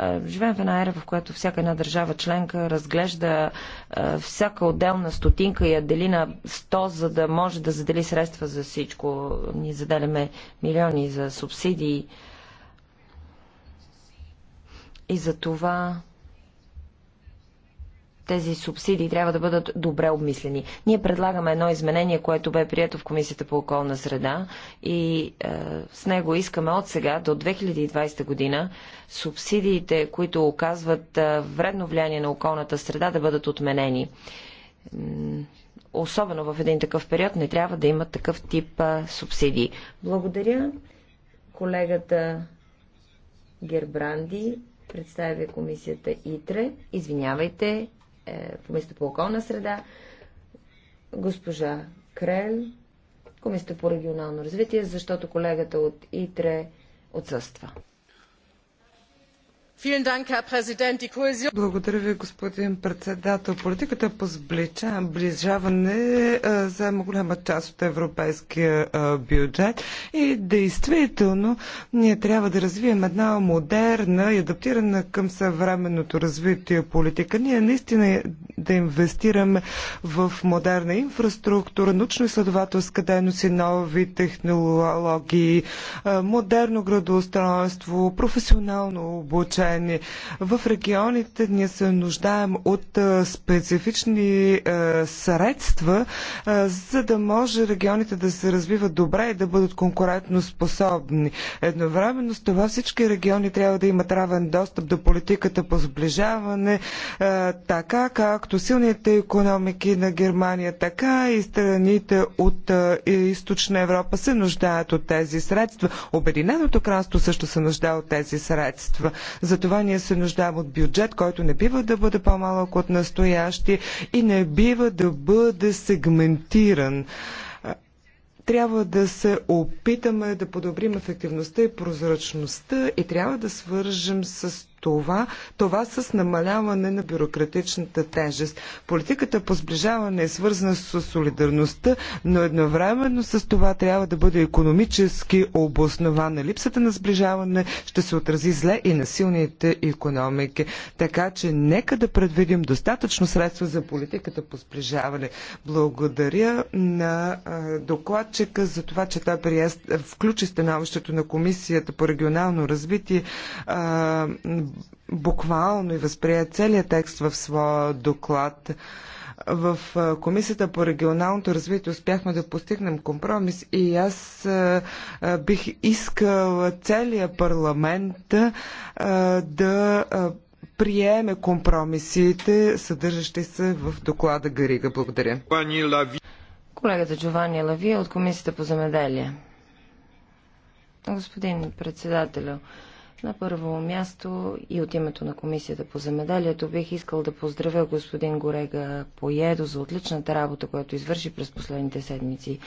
Е, живеем в една ера, в която всяка една държава членка разглежда е, всяка отделна стотинка и я дели на 100, за да може да задели средства за всичко. Ние заделяме милиони за субсидии и за това тези субсидии трябва да бъдат добре обмислени. Ние предлагаме едно изменение, което бе прието в Комисията по околна среда и е, с него искаме от сега до 2020 година субсидиите, които оказват е, вредно влияние на околната среда, да бъдат отменени. Особено в един такъв период не трябва да има такъв тип е, субсидии. Благодаря колегата Гербранди представя комисията ИТРЕ. Извинявайте, комисията е, по околна среда, госпожа Крел, комисията по регионално развитие, защото колегата от ИТРЕ отсъства. Благодаря ви, господин председател. Политиката по сближаване е, заема голяма част от европейския е, бюджет и действително ние трябва да развием една модерна и адаптирана към съвременното развитие политика. Ние наистина да инвестираме в модерна инфраструктура, научно-изследователска дейност и нови технологии, е, модерно градоустройство, професионално обучение заменени. В регионите ние се нуждаем от специфични средства, за да може регионите да се развиват добре и да бъдат конкурентно способни. Едновременно с това всички региони трябва да имат равен достъп до политиката по сближаване, така както силните економики на Германия, така и страните от източна Европа се нуждаят от тези средства. Обединеното кралство също се нуждае от тези средства. За затова ние се нуждаем от бюджет, който не бива да бъде по-малък от настоящи и не бива да бъде сегментиран трябва да се опитаме да подобрим ефективността и прозрачността и трябва да свържем с това, това с намаляване на бюрократичната тежест. Политиката по сближаване е свързана с солидарността, но едновременно с това трябва да бъде економически обоснована. Липсата на сближаване ще се отрази зле и на силните економики. Така че нека да предвидим достатъчно средства за политиката по сближаване. Благодаря на докладчика за това, че той приест, включи становището на Комисията по регионално развитие буквално и възприе целият текст в своя доклад. В Комисията по регионалното развитие успяхме да постигнем компромис и аз бих искал целият парламент да приеме компромисите, съдържащи се в доклада Гарига. Благодаря. Колегата Джованни Лавия от Комисията по земеделие. Господин председателю, на първо място и от името на Комисията по земеделието бих искал да поздравя господин Горега Поедо за отличната работа, която извърши през последните седмици.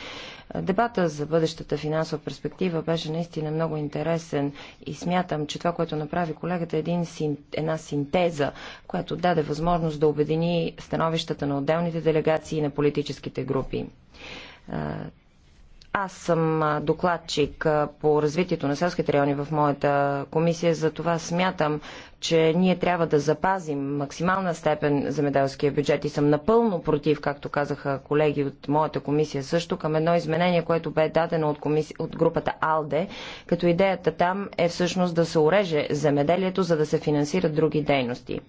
Дебата за бъдещата финансова перспектива беше наистина много интересен и смятам, че това, което направи колегата е един, една синтеза, която даде възможност да обедини становищата на отделните делегации и на политическите групи аз съм докладчик по развитието на селските райони в моята комисия, за това смятам, че ние трябва да запазим максимална степен земеделския бюджет и съм напълно против, както казаха колеги от моята комисия също, към едно изменение, което бе дадено от, комисия, от групата АЛДЕ, като идеята там е всъщност да се уреже земеделието, за да се финансират други дейности.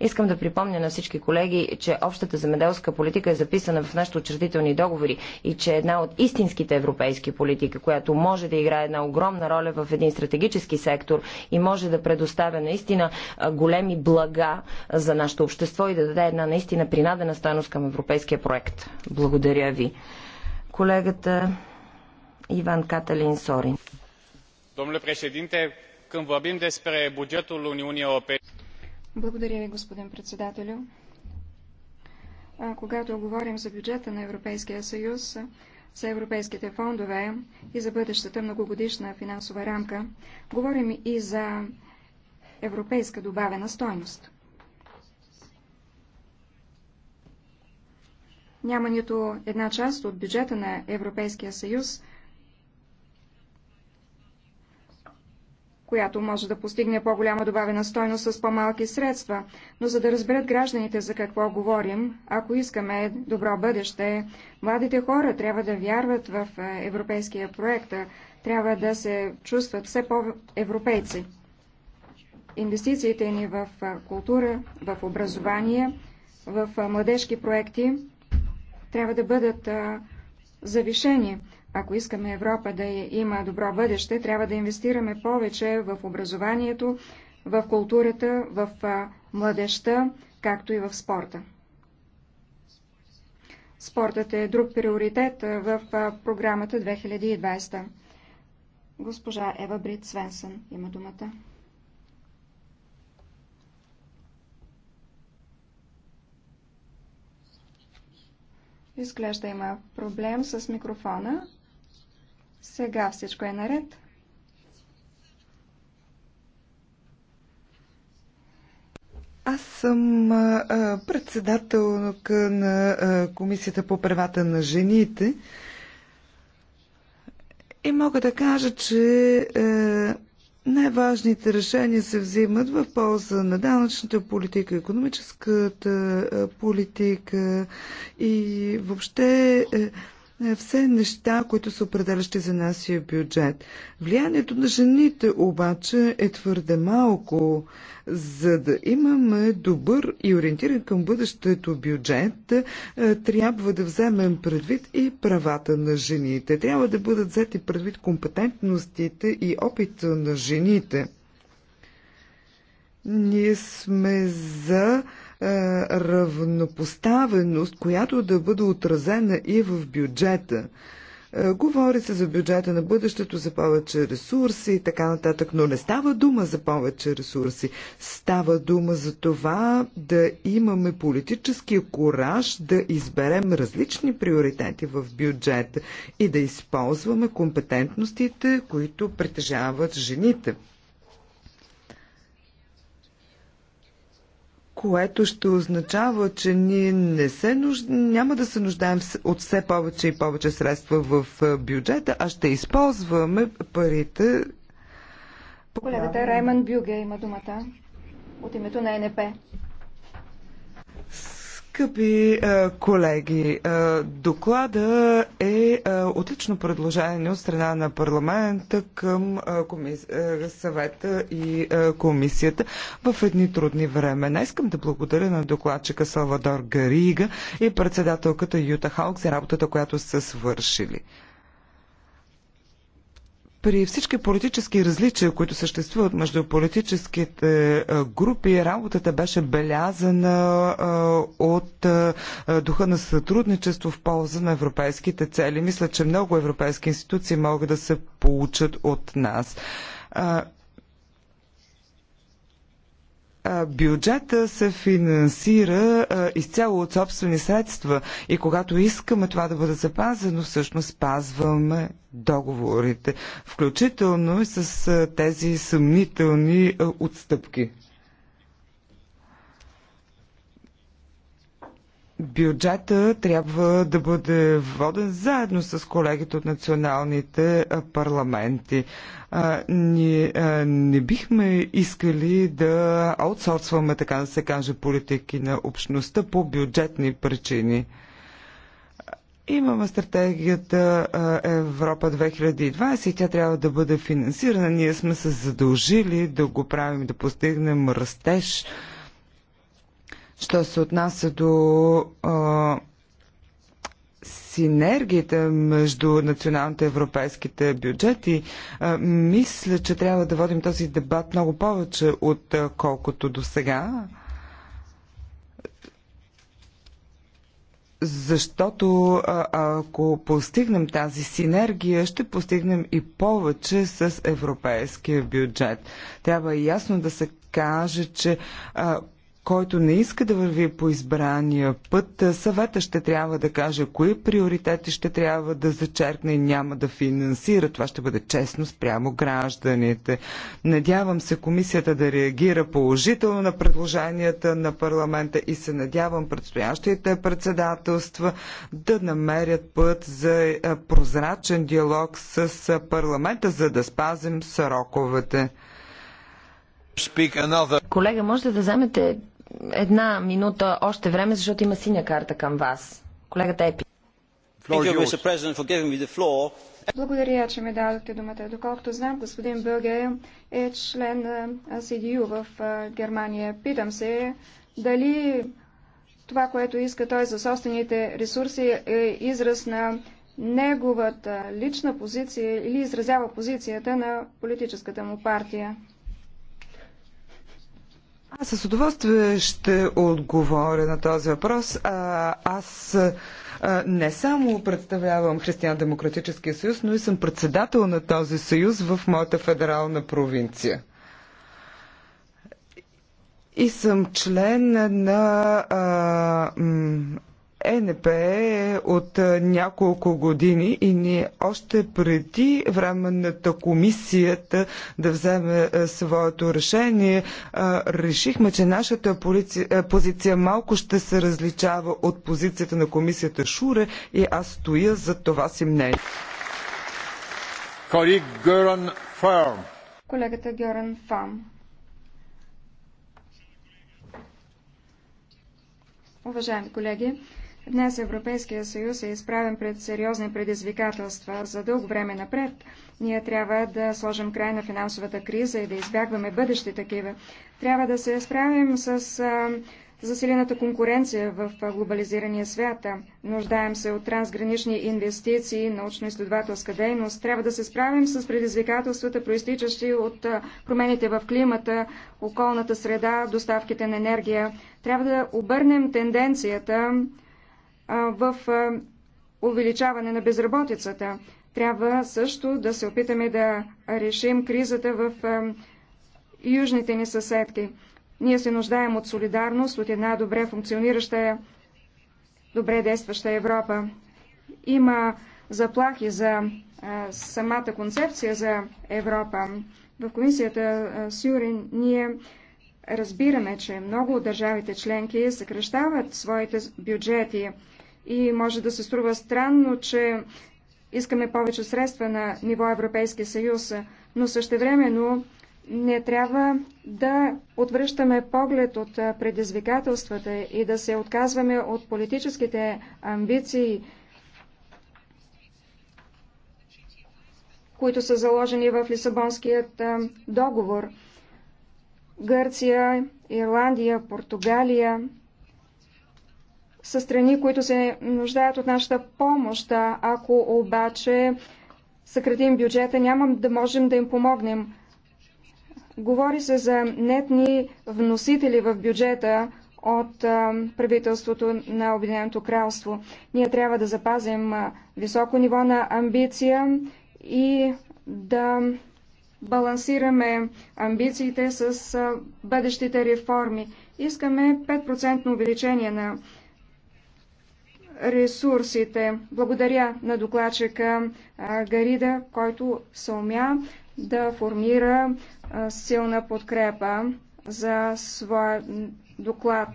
Искам да припомня на всички колеги, че общата земеделска политика е записана в нашите учредителни договори и че е една от истинските европейски политики, която може да играе една огромна роля в един стратегически сектор и може да предоставя наистина големи блага за нашето общество и да даде една наистина принадена стойност към европейския проект. Благодаря ви. Колегата Иван Каталин Сорин. când vorbim despre bugetul Uniunii Europene... Благодаря ви, господин председателю. А, когато говорим за бюджета на Европейския съюз, за европейските фондове и за бъдещата многогодишна финансова рамка, говорим и за европейска добавена стойност. Няма нито една част от бюджета на Европейския съюз, която може да постигне по-голяма добавена стойност с по-малки средства. Но за да разберат гражданите за какво говорим, ако искаме добро бъдеще, младите хора трябва да вярват в е, европейския проект, трябва да се чувстват все по-европейци инвестициите ни в култура, в образование, в младежки проекти трябва да бъдат завишени. Ако искаме Европа да е, има добро бъдеще, трябва да инвестираме повече в образованието, в културата, в младежта, както и в спорта. Спортът е друг приоритет в програмата 2020. Госпожа Ева Брит Свенсън има думата. Изглежда има проблем с микрофона. Сега всичко е наред. Аз съм председател на Комисията по правата на жените и мога да кажа, че е, най-важните решения се взимат в полза на данъчната политика, економическата политика и въобще е, е, все неща, които са определящи за нашия бюджет. Влиянието на жените обаче е твърде малко. За да имаме добър и ориентиран към бъдещето бюджет, е, трябва да вземем предвид и правата на жените. Трябва да бъдат взети предвид компетентностите и опита на жените. Ние сме за е, равнопоставеност, която да бъде отразена и в бюджета. Е, говори се за бюджета на бъдещето, за повече ресурси и така нататък, но не става дума за повече ресурси. Става дума за това да имаме политическия кораж да изберем различни приоритети в бюджета и да използваме компетентностите, които притежават жените. което ще означава, че ние не се нуж... няма да се нуждаем от все повече и повече средства в бюджета, а ще използваме парите. Колегата Райман Бюге има думата от името на НП. Скъпи е, колеги, е, доклада е, е отлично предложение от страна на парламента към комис... съвета и комисията в едни трудни времена. Искам да благодаря на докладчика Салвадор Гарига и председателката Юта Халк за работата, която са свършили при всички политически различия, които съществуват между политическите групи, работата беше белязана от духа на сътрудничество в полза на европейските цели. Мисля, че много европейски институции могат да се получат от нас бюджета се финансира изцяло от собствени средства и когато искаме това да бъде запазено, всъщност спазваме договорите, включително и с тези съмнителни отстъпки. бюджета трябва да бъде воден заедно с колегите от националните парламенти. А, ние а, не бихме искали да аутсорсваме, така да се каже, политики на общността по бюджетни причини. Имаме стратегията Европа 2020 и тя трябва да бъде финансирана. Ние сме се задължили да го правим, да постигнем растеж Що се отнася до а, синергията между националните европейските бюджети, а, мисля, че трябва да водим този дебат много повече от а, колкото до сега. Защото ако постигнем тази синергия, ще постигнем и повече с европейския бюджет. Трябва ясно да се каже, че а, който не иска да върви по избрания път, съвета ще трябва да каже кои приоритети ще трябва да зачеркне и няма да финансира. Това ще бъде честно спрямо гражданите. Надявам се комисията да реагира положително на предложенията на парламента и се надявам предстоящите председателства да намерят път за е, прозрачен диалог с е, парламента, за да спазим сроковете. Колега, можете да вземете една минута още време, защото има синя карта към вас. Колегата Епи. Благодаря, че ми дадохте думата. Доколкото знам, господин Бълге е член на СДЮ в Германия. Питам се дали това, което иска той за собствените ресурси е израз на неговата лична позиция или изразява позицията на политическата му партия. Аз с удоволствие ще отговоря на този въпрос. А, аз не само представлявам Християн-демократическия съюз, но и съм председател на този съюз в моята федерална провинция. И съм член на а, ЕНП е от няколко години и ние още преди временната комисията да вземе е, своето решение, е, решихме, че нашата е, позиция малко ще се различава от позицията на комисията Шуре и аз стоя за това си мнение. Колегата Геран Фам. Уважаеми колеги, Днес Европейския съюз е изправен пред сериозни предизвикателства. За дълго време напред ние трябва да сложим край на финансовата криза и да избягваме бъдещи такива. Трябва да се справим с засилената конкуренция в глобализирания свят. Нуждаем се от трансгранични инвестиции, научно-изследователска дейност. Трябва да се справим с предизвикателствата, проистичащи от промените в климата, околната среда, доставките на енергия. Трябва да обърнем тенденцията в увеличаване на безработицата. Трябва също да се опитаме да решим кризата в южните ни съседки. Ние се нуждаем от солидарност, от една добре функционираща, добре действаща Европа. Има заплахи за самата концепция за Европа. В комисията Сюрин ние разбираме, че много от държавите членки съкръщават своите бюджети и може да се струва странно, че искаме повече средства на ниво Европейски съюз, но същевременно не трябва да отвръщаме поглед от предизвикателствата и да се отказваме от политическите амбиции, които са заложени в Лисабонският договор. Гърция, Ирландия, Португалия, са страни, които се нуждаят от нашата помощ. Ако обаче съкратим бюджета, нямам да можем да им помогнем. Говори се за нетни вносители в бюджета от правителството на Обединеното кралство. Ние трябва да запазим високо ниво на амбиция и да балансираме амбициите с бъдещите реформи. Искаме 5% увеличение на ресурсите. Благодаря на докладчика Гарида, който съумя да формира силна подкрепа за своя доклад.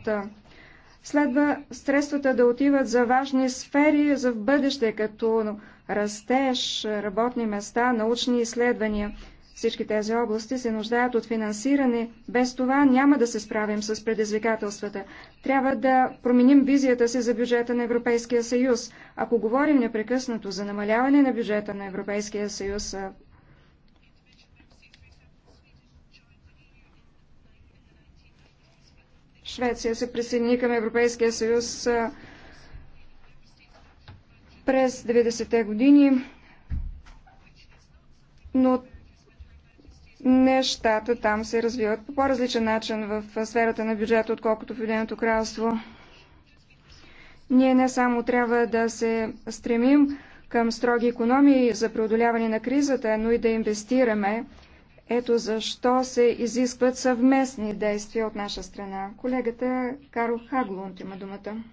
Следва средствата да отиват за важни сфери за в бъдеще, като растеж, работни места, научни изследвания. Всички тези области се нуждаят от финансиране. Без това няма да се справим с предизвикателствата. Трябва да променим визията си за бюджета на Европейския съюз. Ако говорим непрекъснато за намаляване на бюджета на Европейския съюз, Швеция се присъедини към Европейския съюз през 90-те години, но нещата там се развиват по по-различен начин в сферата на бюджета, отколкото в Единото кралство. Ние не само трябва да се стремим към строги економии за преодоляване на кризата, но и да инвестираме. Ето защо се изискват съвместни действия от наша страна. Колегата Карл Хаглунд има думата.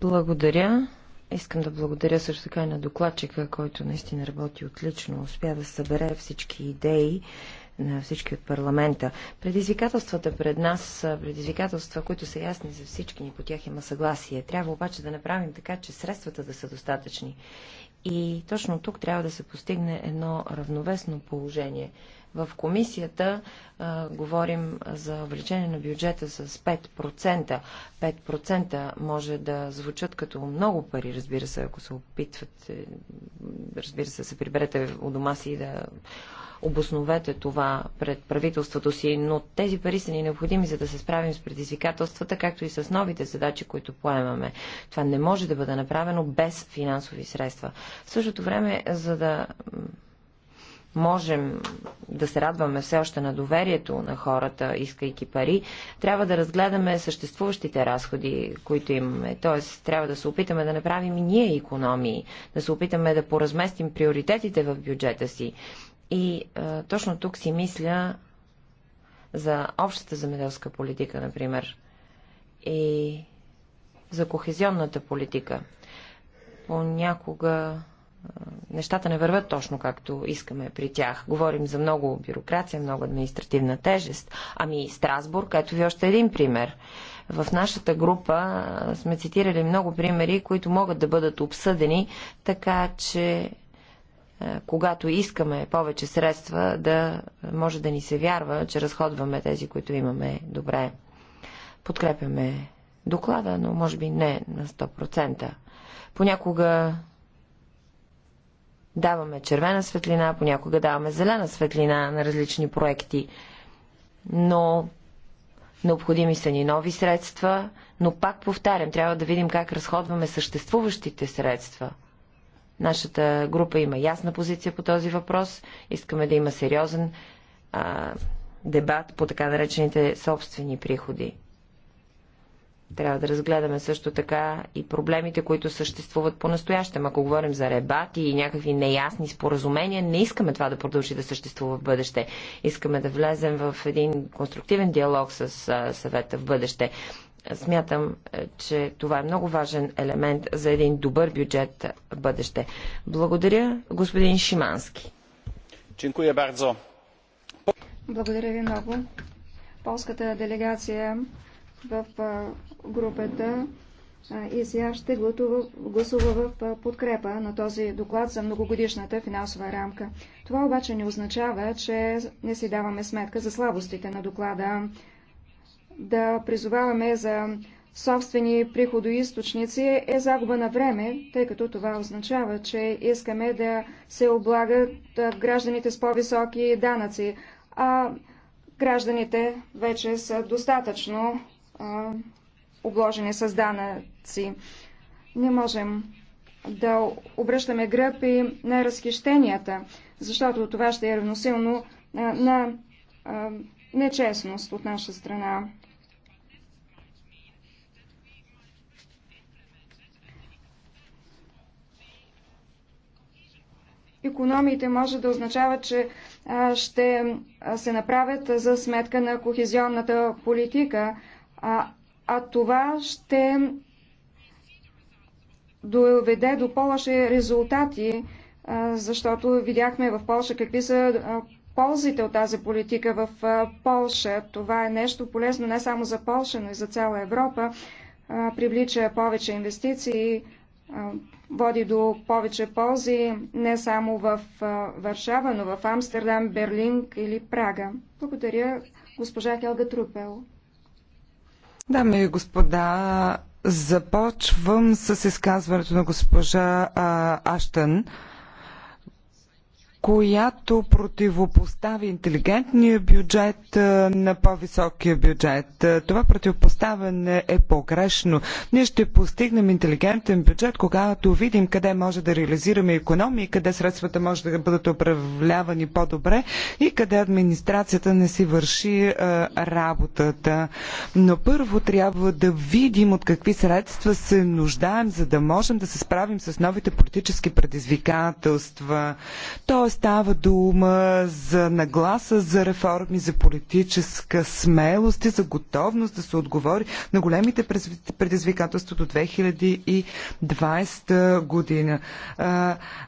Благодаря. Искам да благодаря също така и на докладчика, който наистина работи отлично, успя да събере всички идеи на всички от парламента. Предизвикателствата пред нас са предизвикателства, които са ясни за всички ни, по тях има съгласие. Трябва обаче да направим така, че средствата да са достатъчни. И точно тук трябва да се постигне едно равновесно положение. В комисията а, говорим за увеличение на бюджета с 5%. 5% може да звучат като много пари, разбира се, ако се опитвате, разбира се, се приберете у дома си и да обосновете това пред правителството си, но тези пари са ни необходими, за да се справим с предизвикателствата, както и с новите задачи, които поемаме. Това не може да бъде направено без финансови средства. В същото време, за да можем да се радваме все още на доверието на хората, искайки пари, трябва да разгледаме съществуващите разходи, които имаме. Тоест, трябва да се опитаме да направим и ние економии, да се опитаме да поразместим приоритетите в бюджета си. И е, точно тук си мисля за общата земеделска политика, например, и за кохезионната политика. Понякога нещата не върват точно както искаме при тях. Говорим за много бюрокрация, много административна тежест. Ами Страсбург, ето ви още един пример. В нашата група сме цитирали много примери, които могат да бъдат обсъдени, така че когато искаме повече средства, да може да ни се вярва, че разходваме тези, които имаме добре. Подкрепяме доклада, но може би не на 100%. Понякога Даваме червена светлина, понякога даваме зелена светлина на различни проекти. Но необходими са ни нови средства, но пак повтарям, трябва да видим как разходваме съществуващите средства. Нашата група има ясна позиция по този въпрос. Искаме да има сериозен а, дебат по така наречените собствени приходи. Трябва да разгледаме също така и проблемите, които съществуват по-настоящем. Ако говорим за ребати и някакви неясни споразумения, не искаме това да продължи да съществува в бъдеще. Искаме да влезем в един конструктивен диалог с съвета в бъдеще. Смятам, е, че това е много важен елемент за един добър бюджет в бъдеще. Благодаря, господин Шимански. Благодаря ви много. Полската делегация в групата и сега ще гласува в подкрепа на този доклад за многогодишната финансова рамка. Това обаче не означава, че не си даваме сметка за слабостите на доклада. Да призоваваме за собствени приходоисточници е загуба на време, тъй като това означава, че искаме да се облагат гражданите с по-високи данъци, а гражданите вече са достатъчно обложени с данъци. Не можем да обръщаме гръб и на разхищенията, защото това ще е равносилно на, нечестност от наша страна. Економиите може да означава, че ще се направят за сметка на кохезионната политика, а, а това ще доведе до по-лоши резултати, защото видяхме в Польша какви са ползите от тази политика в Польша. Това е нещо полезно не само за Польша, но и за цяла Европа. привлича повече инвестиции, води до повече ползи не само в Варшава, но в Амстердам, Берлин или Прага. Благодаря, госпожа Хелга Трупел. Дами и господа, започвам с изказването на госпожа Аштън която противопостави интелигентния бюджет на по-високия бюджет. Това противопоставяне е погрешно. Ние ще постигнем интелигентен бюджет, когато видим къде може да реализираме економии, къде средствата може да бъдат управлявани по-добре и къде администрацията не си върши работата. Но първо трябва да видим от какви средства се нуждаем, за да можем да се справим с новите политически предизвикателства. Тоест, става дума за нагласа, за реформи, за политическа смелост и за готовност да се отговори на големите предизвикателства до 2020 година.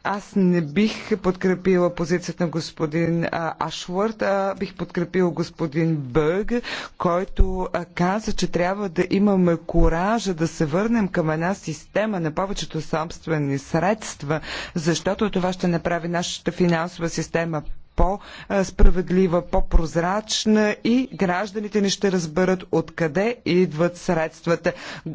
Аз не бих подкрепила позицията на господин Ашвард, а бих подкрепил господин Бърг, който каза, че трябва да имаме коража да се върнем към една система на повечето собствени средства, защото това ще направи нашата финансова финансова система по-справедлива, по-прозрачна и гражданите ни ще разберат откъде идват средствата.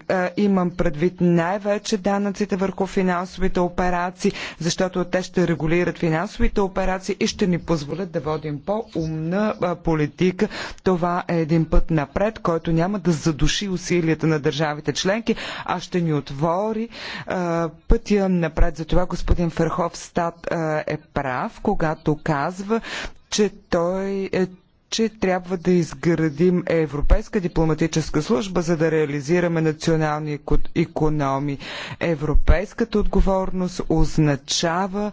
Е, имам предвид най-вече данъците върху финансовите операции, защото те ще регулират финансовите операции и ще ни позволят да водим по-умна е, политика. Това е един път напред, който няма да задуши усилията на държавите членки, а ще ни отвори е, пътя напред. Затова господин Ферховстат е прав, когато казва, казва, че той е че трябва да изградим Европейска дипломатическа служба, за да реализираме национални економи. Европейската отговорност означава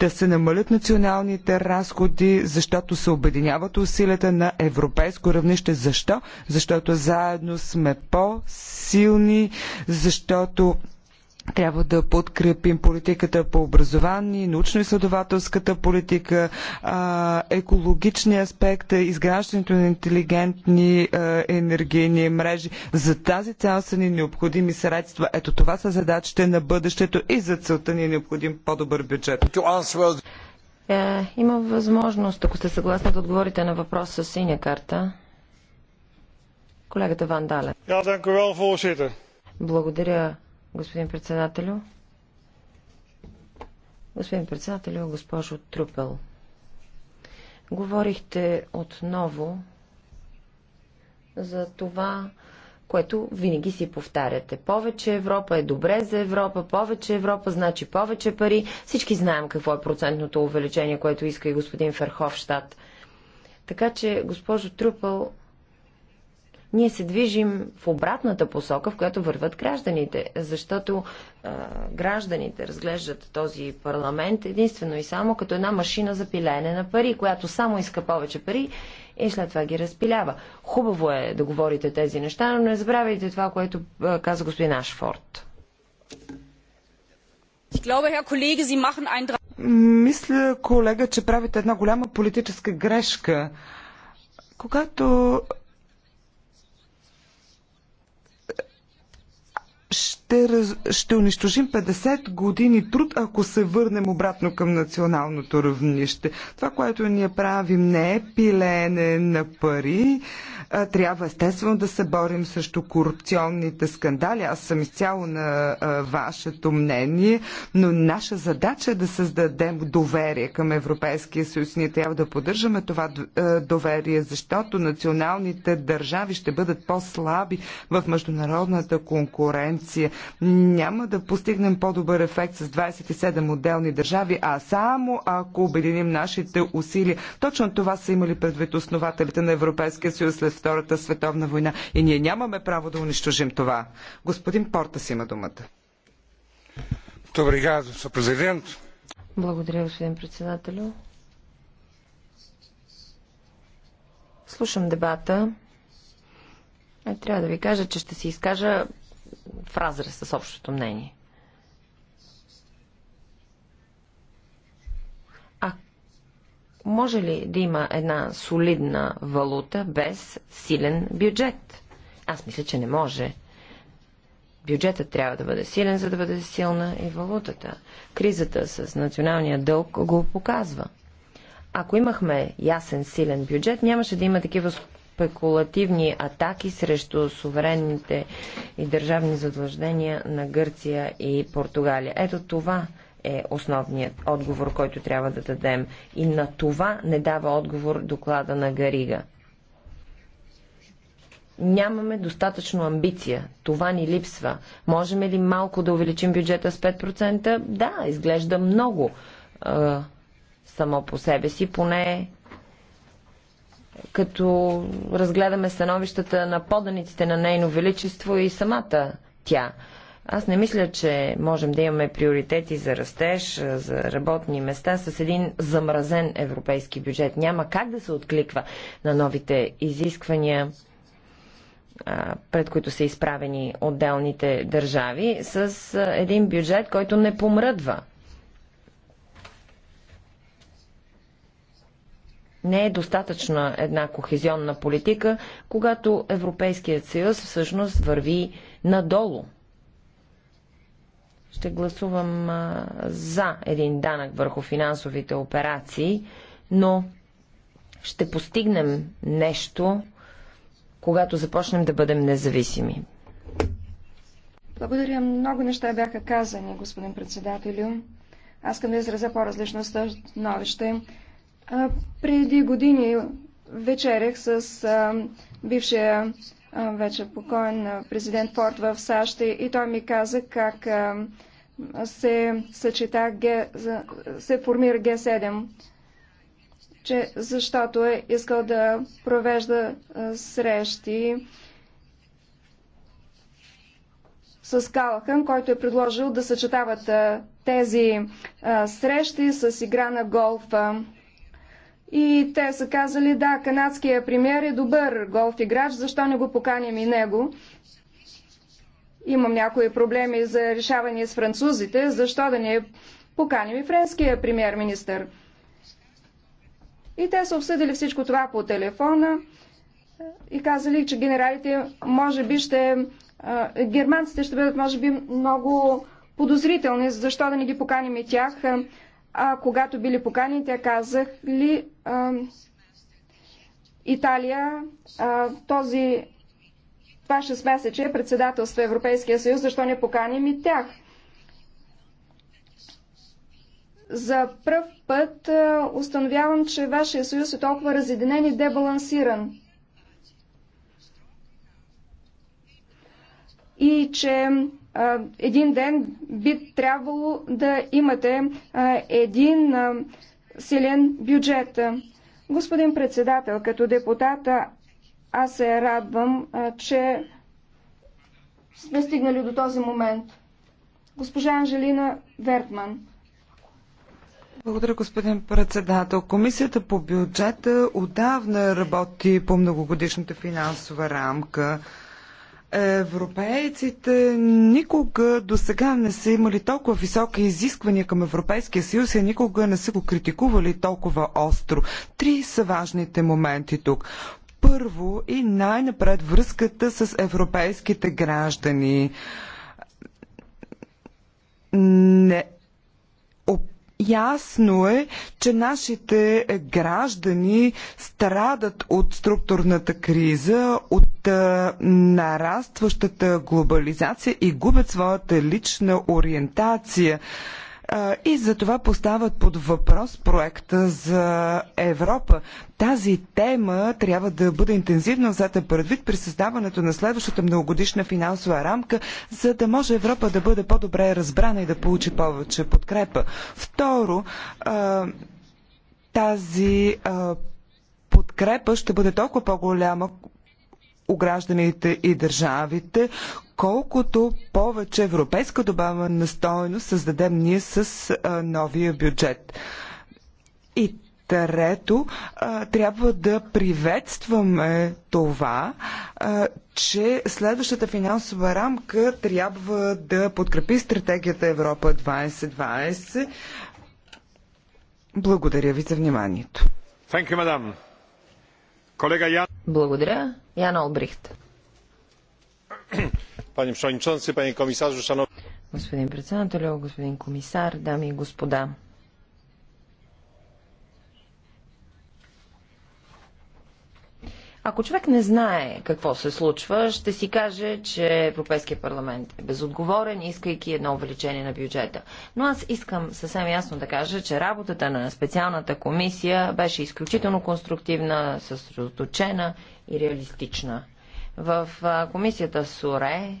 да се намалят националните разходи, защото се обединяват усилията на европейско равнище. Защо? Защото заедно сме по-силни, защото трябва да подкрепим политиката по образование, научно-изследователската политика, екологичния аспект, изграждането на интелигентни енергийни мрежи. За тази цел са ни необходими средства. Ето това са задачите на бъдещето и за целта ни е необходим по-добър бюджет. Е, има възможност, ако сте съгласни, да отговорите на въпрос с синя карта. Колегата Ван Дален. Благодаря, господин председателю. Господин председателю, госпожо Трупел, говорихте отново за това, което винаги си повтаряте. Повече Европа е добре за Европа, повече Европа значи повече пари. Всички знаем какво е процентното увеличение, което иска и господин Ферховщад. Така че, госпожо Трупъл, ние се движим в обратната посока, в която върват гражданите, защото а, гражданите разглеждат този парламент единствено и само като една машина за пилеене на пари, която само иска повече пари и след това ги разпилява. Хубаво е да говорите тези неща, но не забравяйте това, което а, каза господин Ашфорд. Мисля, колега, че правите една голяма политическа грешка. Когато ще, раз... ще унищожим 50 години труд, ако се върнем обратно към националното равнище. Това, което ние правим, не е пилене на пари. А, трябва естествено да се борим срещу корупционните скандали. Аз съм изцяло на а, вашето мнение, но наша задача е да създадем доверие към Европейския съюз. Ние трябва да поддържаме това доверие, защото националните държави ще бъдат по-слаби в международната конкуренция Франция. Няма да постигнем по-добър ефект с 27 отделни държави, а само ако обединим нашите усилия. Точно това са имали предвид основателите на Европейския съюз след Втората световна война и ние нямаме право да унищожим това. Господин Порта, си има думата. Благодаря, господин председателю. Слушам дебата. Е, трябва да ви кажа, че ще се изкажа в разрез с общото мнение. А може ли да има една солидна валута без силен бюджет? Аз мисля, че не може. Бюджетът трябва да бъде силен, за да бъде силна и валутата. Кризата с националния дълг го показва. Ако имахме ясен, силен бюджет, нямаше да има такива спекулативни атаки срещу суверенните и държавни задлъждения на Гърция и Португалия. Ето това е основният отговор, който трябва да дадем. И на това не дава отговор доклада на Гарига. Нямаме достатъчно амбиция. Това ни липсва. Можем ли малко да увеличим бюджета с 5%? Да, изглежда много само по себе си, поне като разгледаме становищата на поданиците на Нейно Величество и самата тя. Аз не мисля, че можем да имаме приоритети за растеж, за работни места с един замразен европейски бюджет. Няма как да се откликва на новите изисквания, пред които са изправени отделните държави, с един бюджет, който не помръдва. Не е достатъчна една кохезионна политика, когато Европейският съюз всъщност върви надолу. Ще гласувам а, за един данък върху финансовите операции, но ще постигнем нещо, когато започнем да бъдем независими. Благодаря. Много неща бяха казани, господин председателю. Аз искам да изразя по-различно становище. А, преди години вечерех с а, бившия а, вече покоен президент Форд в САЩ и той ми каза как а, се съчета Г, се формира Г7, че защото е искал да провежда а, срещи с Калхан, който е предложил да съчетават а, тези а, срещи с игра на голфа. И те са казали, да, канадският премьер е добър голф играч, защо не го поканим и него? Имам някои проблеми за решаване с французите, защо да не поканим и френския премьер-министър? И те са обсъдили всичко това по телефона и казали, че генералите може би ще... Германците ще бъдат, може би, много подозрителни, защо да не ги поканим и тях. А когато били покани, те казах ли, Италия този това че е председателство Европейския съюз, защо не поканим и тях? За пръв път установявам, че вашия съюз е толкова разединен и дебалансиран. И че а, един ден би трябвало да имате а, един а, силен бюджет. Господин председател, като депутата, аз се радвам, че сме стигнали до този момент. Госпожа Анжелина Вертман. Благодаря, господин председател. Комисията по бюджета отдавна работи по многогодишната финансова рамка. Европейците никога до сега не са имали толкова високи изисквания към Европейския съюз и никога не са го критикували толкова остро. Три са важните моменти тук. Първо и най-напред връзката с европейските граждани. Не, Ясно е, че нашите граждани страдат от структурната криза, от нарастващата глобализация и губят своята лична ориентация и затова поставят под въпрос проекта за Европа. Тази тема трябва да бъде интензивно взета предвид при създаването на следващата многогодишна финансова рамка, за да може Европа да бъде по-добре разбрана и да получи повече подкрепа. Второ, тази подкрепа ще бъде толкова по-голяма у гражданите и държавите, колкото повече европейска добавена стойност създадем ние с а, новия бюджет. И Трето, трябва да приветстваме това, че следващата финансова рамка трябва да подкрепи стратегията Европа 2020. Благодаря ви за вниманието. You, Колега Ян... Благодаря. Яна Олбрихт. [clears throat] Panie przewodniczący, panie komisarzu, szanowni... Господин председател, господин комисар, дами и господа. Ако човек не знае какво се случва, ще си каже, че Европейския парламент е безотговорен, искайки едно увеличение на бюджета. Но аз искам съвсем ясно да кажа, че работата на специалната комисия беше изключително конструктивна, съсредоточена и реалистична. В комисията СОРЕ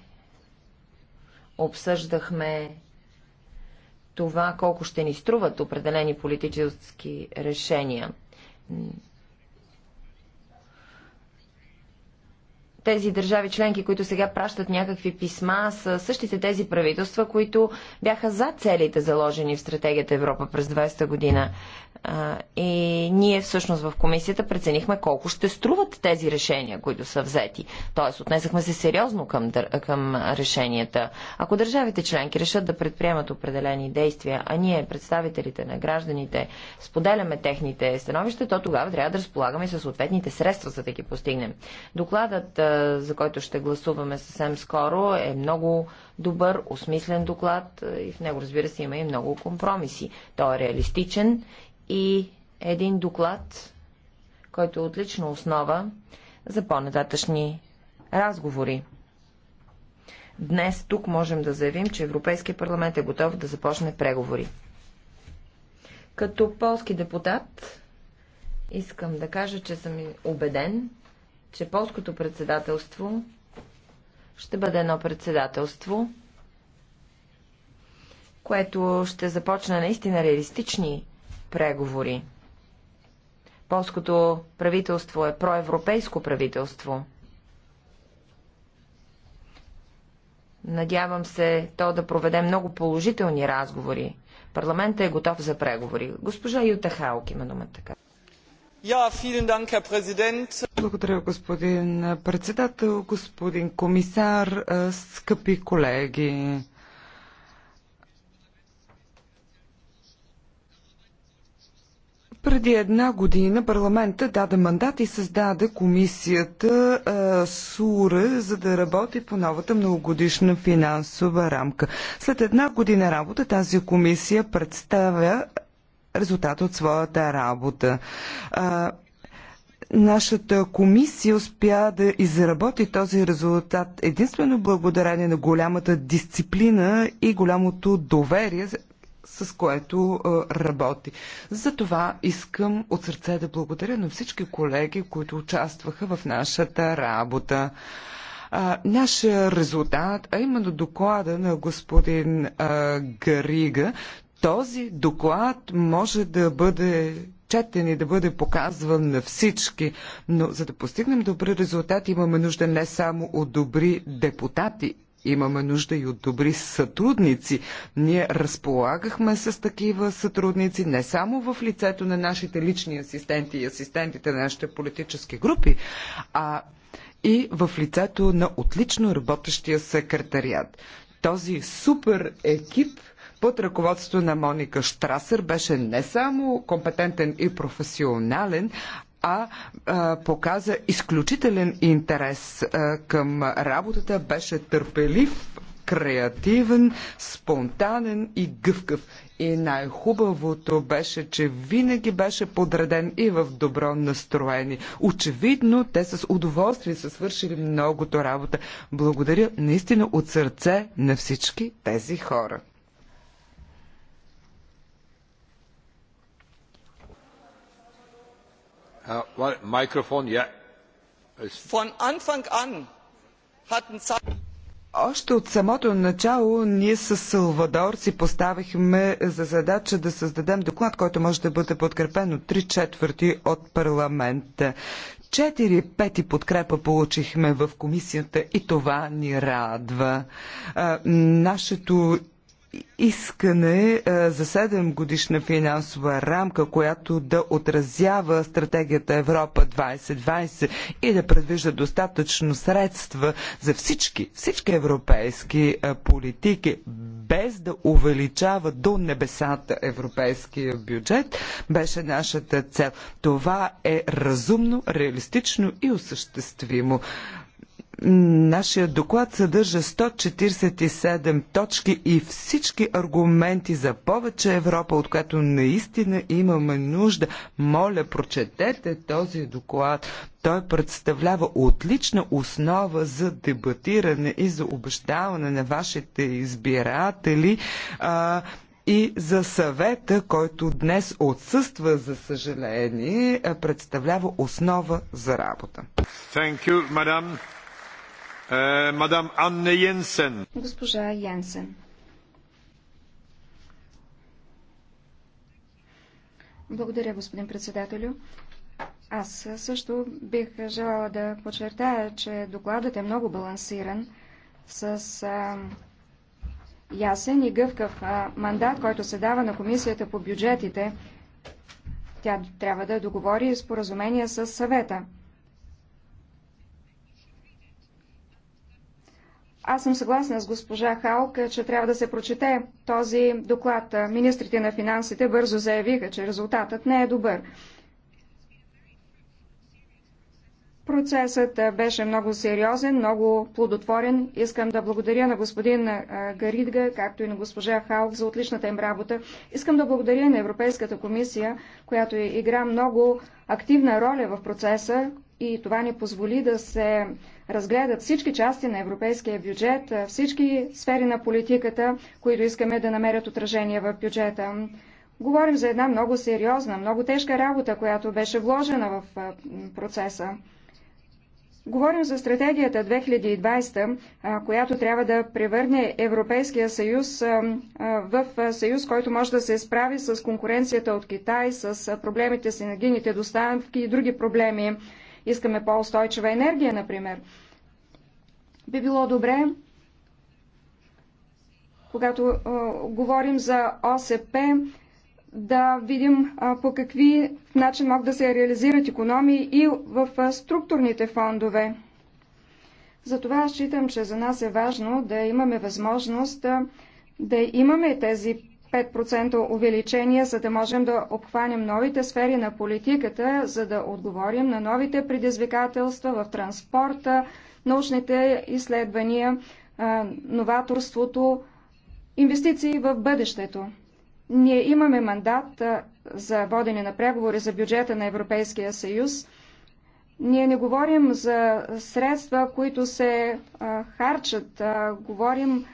обсъждахме това колко ще ни струват определени политически решения. тези държави членки, които сега пращат някакви писма, са същите тези правителства, които бяха за целите заложени в стратегията Европа през 20-та година. И ние всъщност в комисията преценихме колко ще струват тези решения, които са взети. Тоест, отнесахме се сериозно към, към решенията. Ако държавите членки решат да предприемат определени действия, а ние, представителите на гражданите, споделяме техните становища, то тогава трябва да разполагаме и със съответните средства, за да ги постигнем. Докладът за който ще гласуваме съвсем скоро, е много добър, осмислен доклад и в него, разбира се, има и много компромиси. Той е реалистичен и един доклад, който е отлична основа за по-нататъчни разговори. Днес тук можем да заявим, че Европейския парламент е готов да започне преговори. Като полски депутат искам да кажа, че съм убеден, че полското председателство ще бъде едно председателство, което ще започне наистина реалистични преговори. Полското правителство е проевропейско правителство. Надявам се то да проведе много положителни разговори. Парламентът е готов за преговори. Госпожа Юта Халк има дума така. Благодаря, господин председател, господин комисар, е, скъпи колеги. Преди една година парламентът даде мандат и създаде комисията е, СУРЕ СУРА, за да работи по новата многогодишна финансова рамка. След една година работа тази комисия представя е, резултат от своята работа. А, Нашата комисия успя да изработи този резултат единствено благодарение на голямата дисциплина и голямото доверие, с което работи. За това искам от сърце да благодаря на всички колеги, които участваха в нашата работа. А, нашия резултат, а именно доклада на господин а, Гарига, този доклад може да бъде четен и да бъде показван на всички. Но за да постигнем добри резултати, имаме нужда не само от добри депутати, имаме нужда и от добри сътрудници. Ние разполагахме с такива сътрудници не само в лицето на нашите лични асистенти и асистентите на нашите политически групи, а и в лицето на отлично работещия секретариат. Този супер екип – под ръководството на Моника Штрасър беше не само компетентен и професионален, а, а показа изключителен интерес а, към работата, беше търпелив, креативен, спонтанен и гъвкав. И най-хубавото беше, че винаги беше подреден и в добро настроение. Очевидно, те с удоволствие са свършили многото работа. Благодаря наистина от сърце на всички тези хора. още от самото начало ние с Салвадор си поставихме за задача да създадем доклад, който може да бъде подкрепен от три четвърти от парламента. Четири пети подкрепа получихме в комисията и това ни радва. А, нашето искане е, за 7 годишна финансова рамка, която да отразява стратегията Европа 2020 и да предвижда достатъчно средства за всички, всички европейски е, политики, без да увеличава до небесата европейския бюджет, беше нашата цел. Това е разумно, реалистично и осъществимо. Нашия доклад съдържа 147 точки и всички аргументи за повече Европа, от която наистина имаме нужда. Моля, прочетете този доклад. Той представлява отлична основа за дебатиране и за обещаване на вашите избиратели. А, и за съвета, който днес отсъства, за съжаление, представлява основа за работа. Thank you, мадам Анне Йенсен. Госпожа Йенсен. Благодаря, господин председателю. Аз също бих желала да подчертая, че докладът е много балансиран с а, ясен и гъвкав а, мандат, който се дава на Комисията по бюджетите. Тя трябва да договори споразумение с съвета. Аз съм съгласна с госпожа Халк, че трябва да се прочете този доклад. Министрите на финансите бързо заявиха, че резултатът не е добър. Процесът беше много сериозен, много плодотворен. Искам да благодаря на господин Гаридга, както и на госпожа Халк за отличната им работа. Искам да благодаря на Европейската комисия, която игра много активна роля в процеса, и това ни позволи да се разгледат всички части на европейския бюджет, всички сфери на политиката, които искаме да намерят отражение в бюджета. Говорим за една много сериозна, много тежка работа, която беше вложена в процеса. Говорим за стратегията 2020, която трябва да превърне Европейския съюз в съюз, който може да се справи с конкуренцията от Китай, с проблемите с енергийните доставки и други проблеми. Искаме по-устойчива енергия, например. Би било добре, когато а, говорим за ОСП, да видим а, по какви начин могат да се реализират економии и в а, структурните фондове. Затова считам, че за нас е важно да имаме възможност да имаме тези 5% увеличение, за да можем да обхванем новите сфери на политиката, за да отговорим на новите предизвикателства в транспорта, научните изследвания, новаторството, инвестиции в бъдещето. Ние имаме мандат за водене на преговори за бюджета на Европейския съюз. Ние не говорим за средства, които се харчат, говорим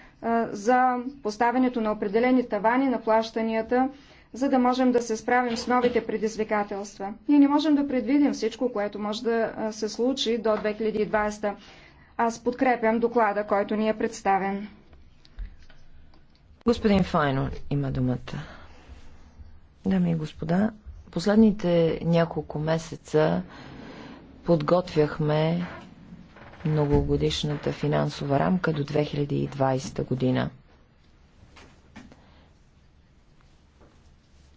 за поставянето на определени тавани на плащанията, за да можем да се справим с новите предизвикателства. Ние не можем да предвидим всичко, което може да се случи до 2020. Аз подкрепям доклада, който ни е представен. Господин Файно има думата. Дами и господа, последните няколко месеца подготвяхме многогодишната финансова рамка до 2020 година.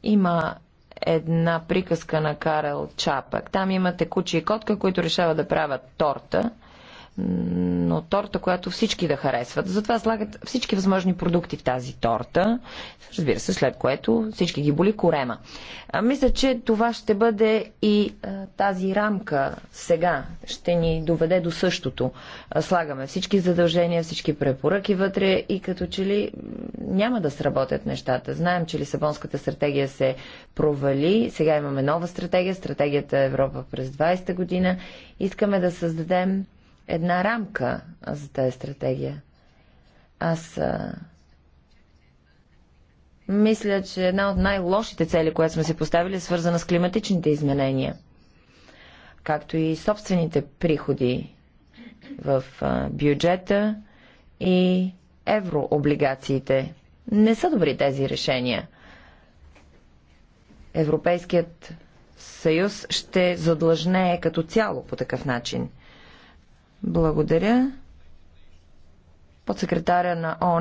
Има една приказка на Карел Чапък. Там има текучи и котка, които решават да правят торта – но торта, която всички да харесват. Затова слагат всички възможни продукти в тази торта, разбира се, след което всички ги боли корема. А, мисля, че това ще бъде и а, тази рамка сега, ще ни доведе до същото. А, слагаме всички задължения, всички препоръки вътре и като че ли няма да сработят нещата. Знаем, че Лисабонската стратегия се провали, сега имаме нова стратегия, стратегията Европа през 20-та година. Искаме да създадем една рамка за тази стратегия. Аз а... мисля, че една от най-лошите цели, която сме се поставили, е свързана с климатичните изменения, както и собствените приходи в а, бюджета и еврооблигациите. Не са добри тези решения. Европейският съюз ще задлъжнее като цяло по такъв начин – благодаря. Подсекретаря на ООН е